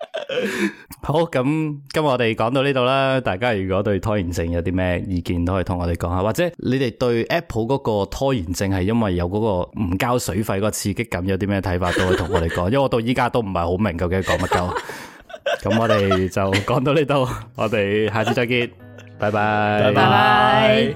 好，咁今日我哋講到呢度啦。大家如果對拖延症有啲咩意見，都可以同我哋講下。或者你哋對 Apple 嗰個拖延症係因為有嗰個唔交水費嗰個刺激感，有啲咩睇法都可以同我哋講。 (laughs) 因為我到依家都唔係好明究竟講乜鳩。咁 (laughs) 我哋就講到呢度，我哋下次再見，拜拜，拜拜。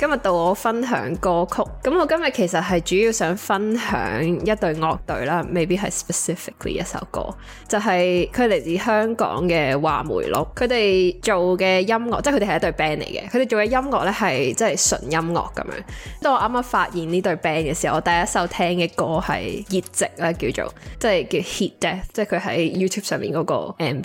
今日到我分享歌曲，咁我今日其實係主要想分享一隊樂隊啦，未必係 specifically 一首歌，就係佢嚟自香港嘅話梅鹿，佢哋做嘅音樂，即係佢哋係一隊 band 嚟嘅，佢哋做嘅音樂呢係即係純音樂咁樣。當我啱啱發現呢對 band 嘅時候，我第一首聽嘅歌係熱寂啦，叫做即係叫 Heat Death，即係佢喺 YouTube 上面嗰個 MV。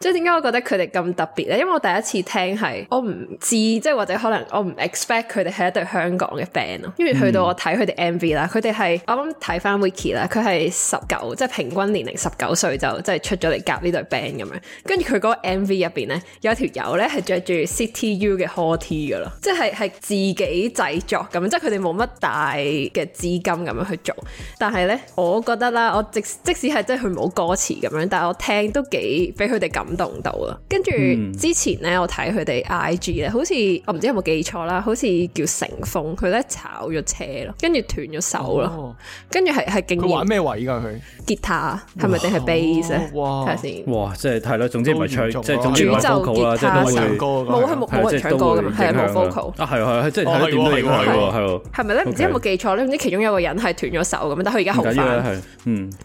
即係點解我覺得佢哋咁特別呢？因為我第一次聽係我唔知，即係或者可能我唔 expect。佢哋係一對香港嘅 band 咯，跟住去到我睇佢哋 MV 啦，佢哋係我諗睇翻 wiki 啦，佢係十九，即係平均年齡十九歲就即係、就是、出咗嚟夾呢對 band 咁樣。跟住佢嗰個 MV 入邊咧，有一條友咧係着住 CityU 嘅 hall tee 噶咯，即係係自己製作咁，即係佢哋冇乜大嘅資金咁樣去做。但係咧，我覺得啦，我即即使係即係佢冇歌詞咁樣，但我聽都幾俾佢哋感動到啊。跟住之前咧，我睇佢哋 IG 咧，好似我唔知有冇記錯啦，好似。叫乘風，佢咧炒咗車咯，跟住斷咗手咯，跟住係係竟然佢玩咩位噶佢？吉他係咪定係貝斯咧？睇下先。哇，即係係咯，總之唔係唱，即係總主奏吉他手。冇，係冇人唱歌噶，係冇 vocal。啊，係啊係啊，即係點都係。係咪咧？唔知有冇記錯咧？唔知其中有個人係斷咗手咁樣，但佢而家好快。跟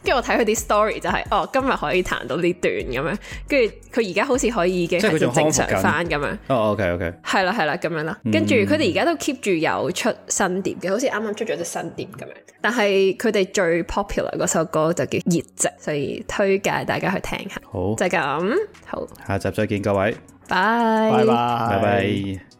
住我睇佢啲 story 就係哦，今日可以彈到呢段咁樣，跟住佢而家好似可以嘅，佢仲正常翻咁樣。哦，OK OK。係啦係啦咁樣啦，跟住佢哋而家。都 keep 住有出新碟嘅，好似啱啱出咗隻新碟咁樣。但係佢哋最 popular 嗰首歌就叫《熱寂》，所以推介大家去聽下好。好，就咁。好，下集再見，各位。拜拜拜拜。Bye bye bye bye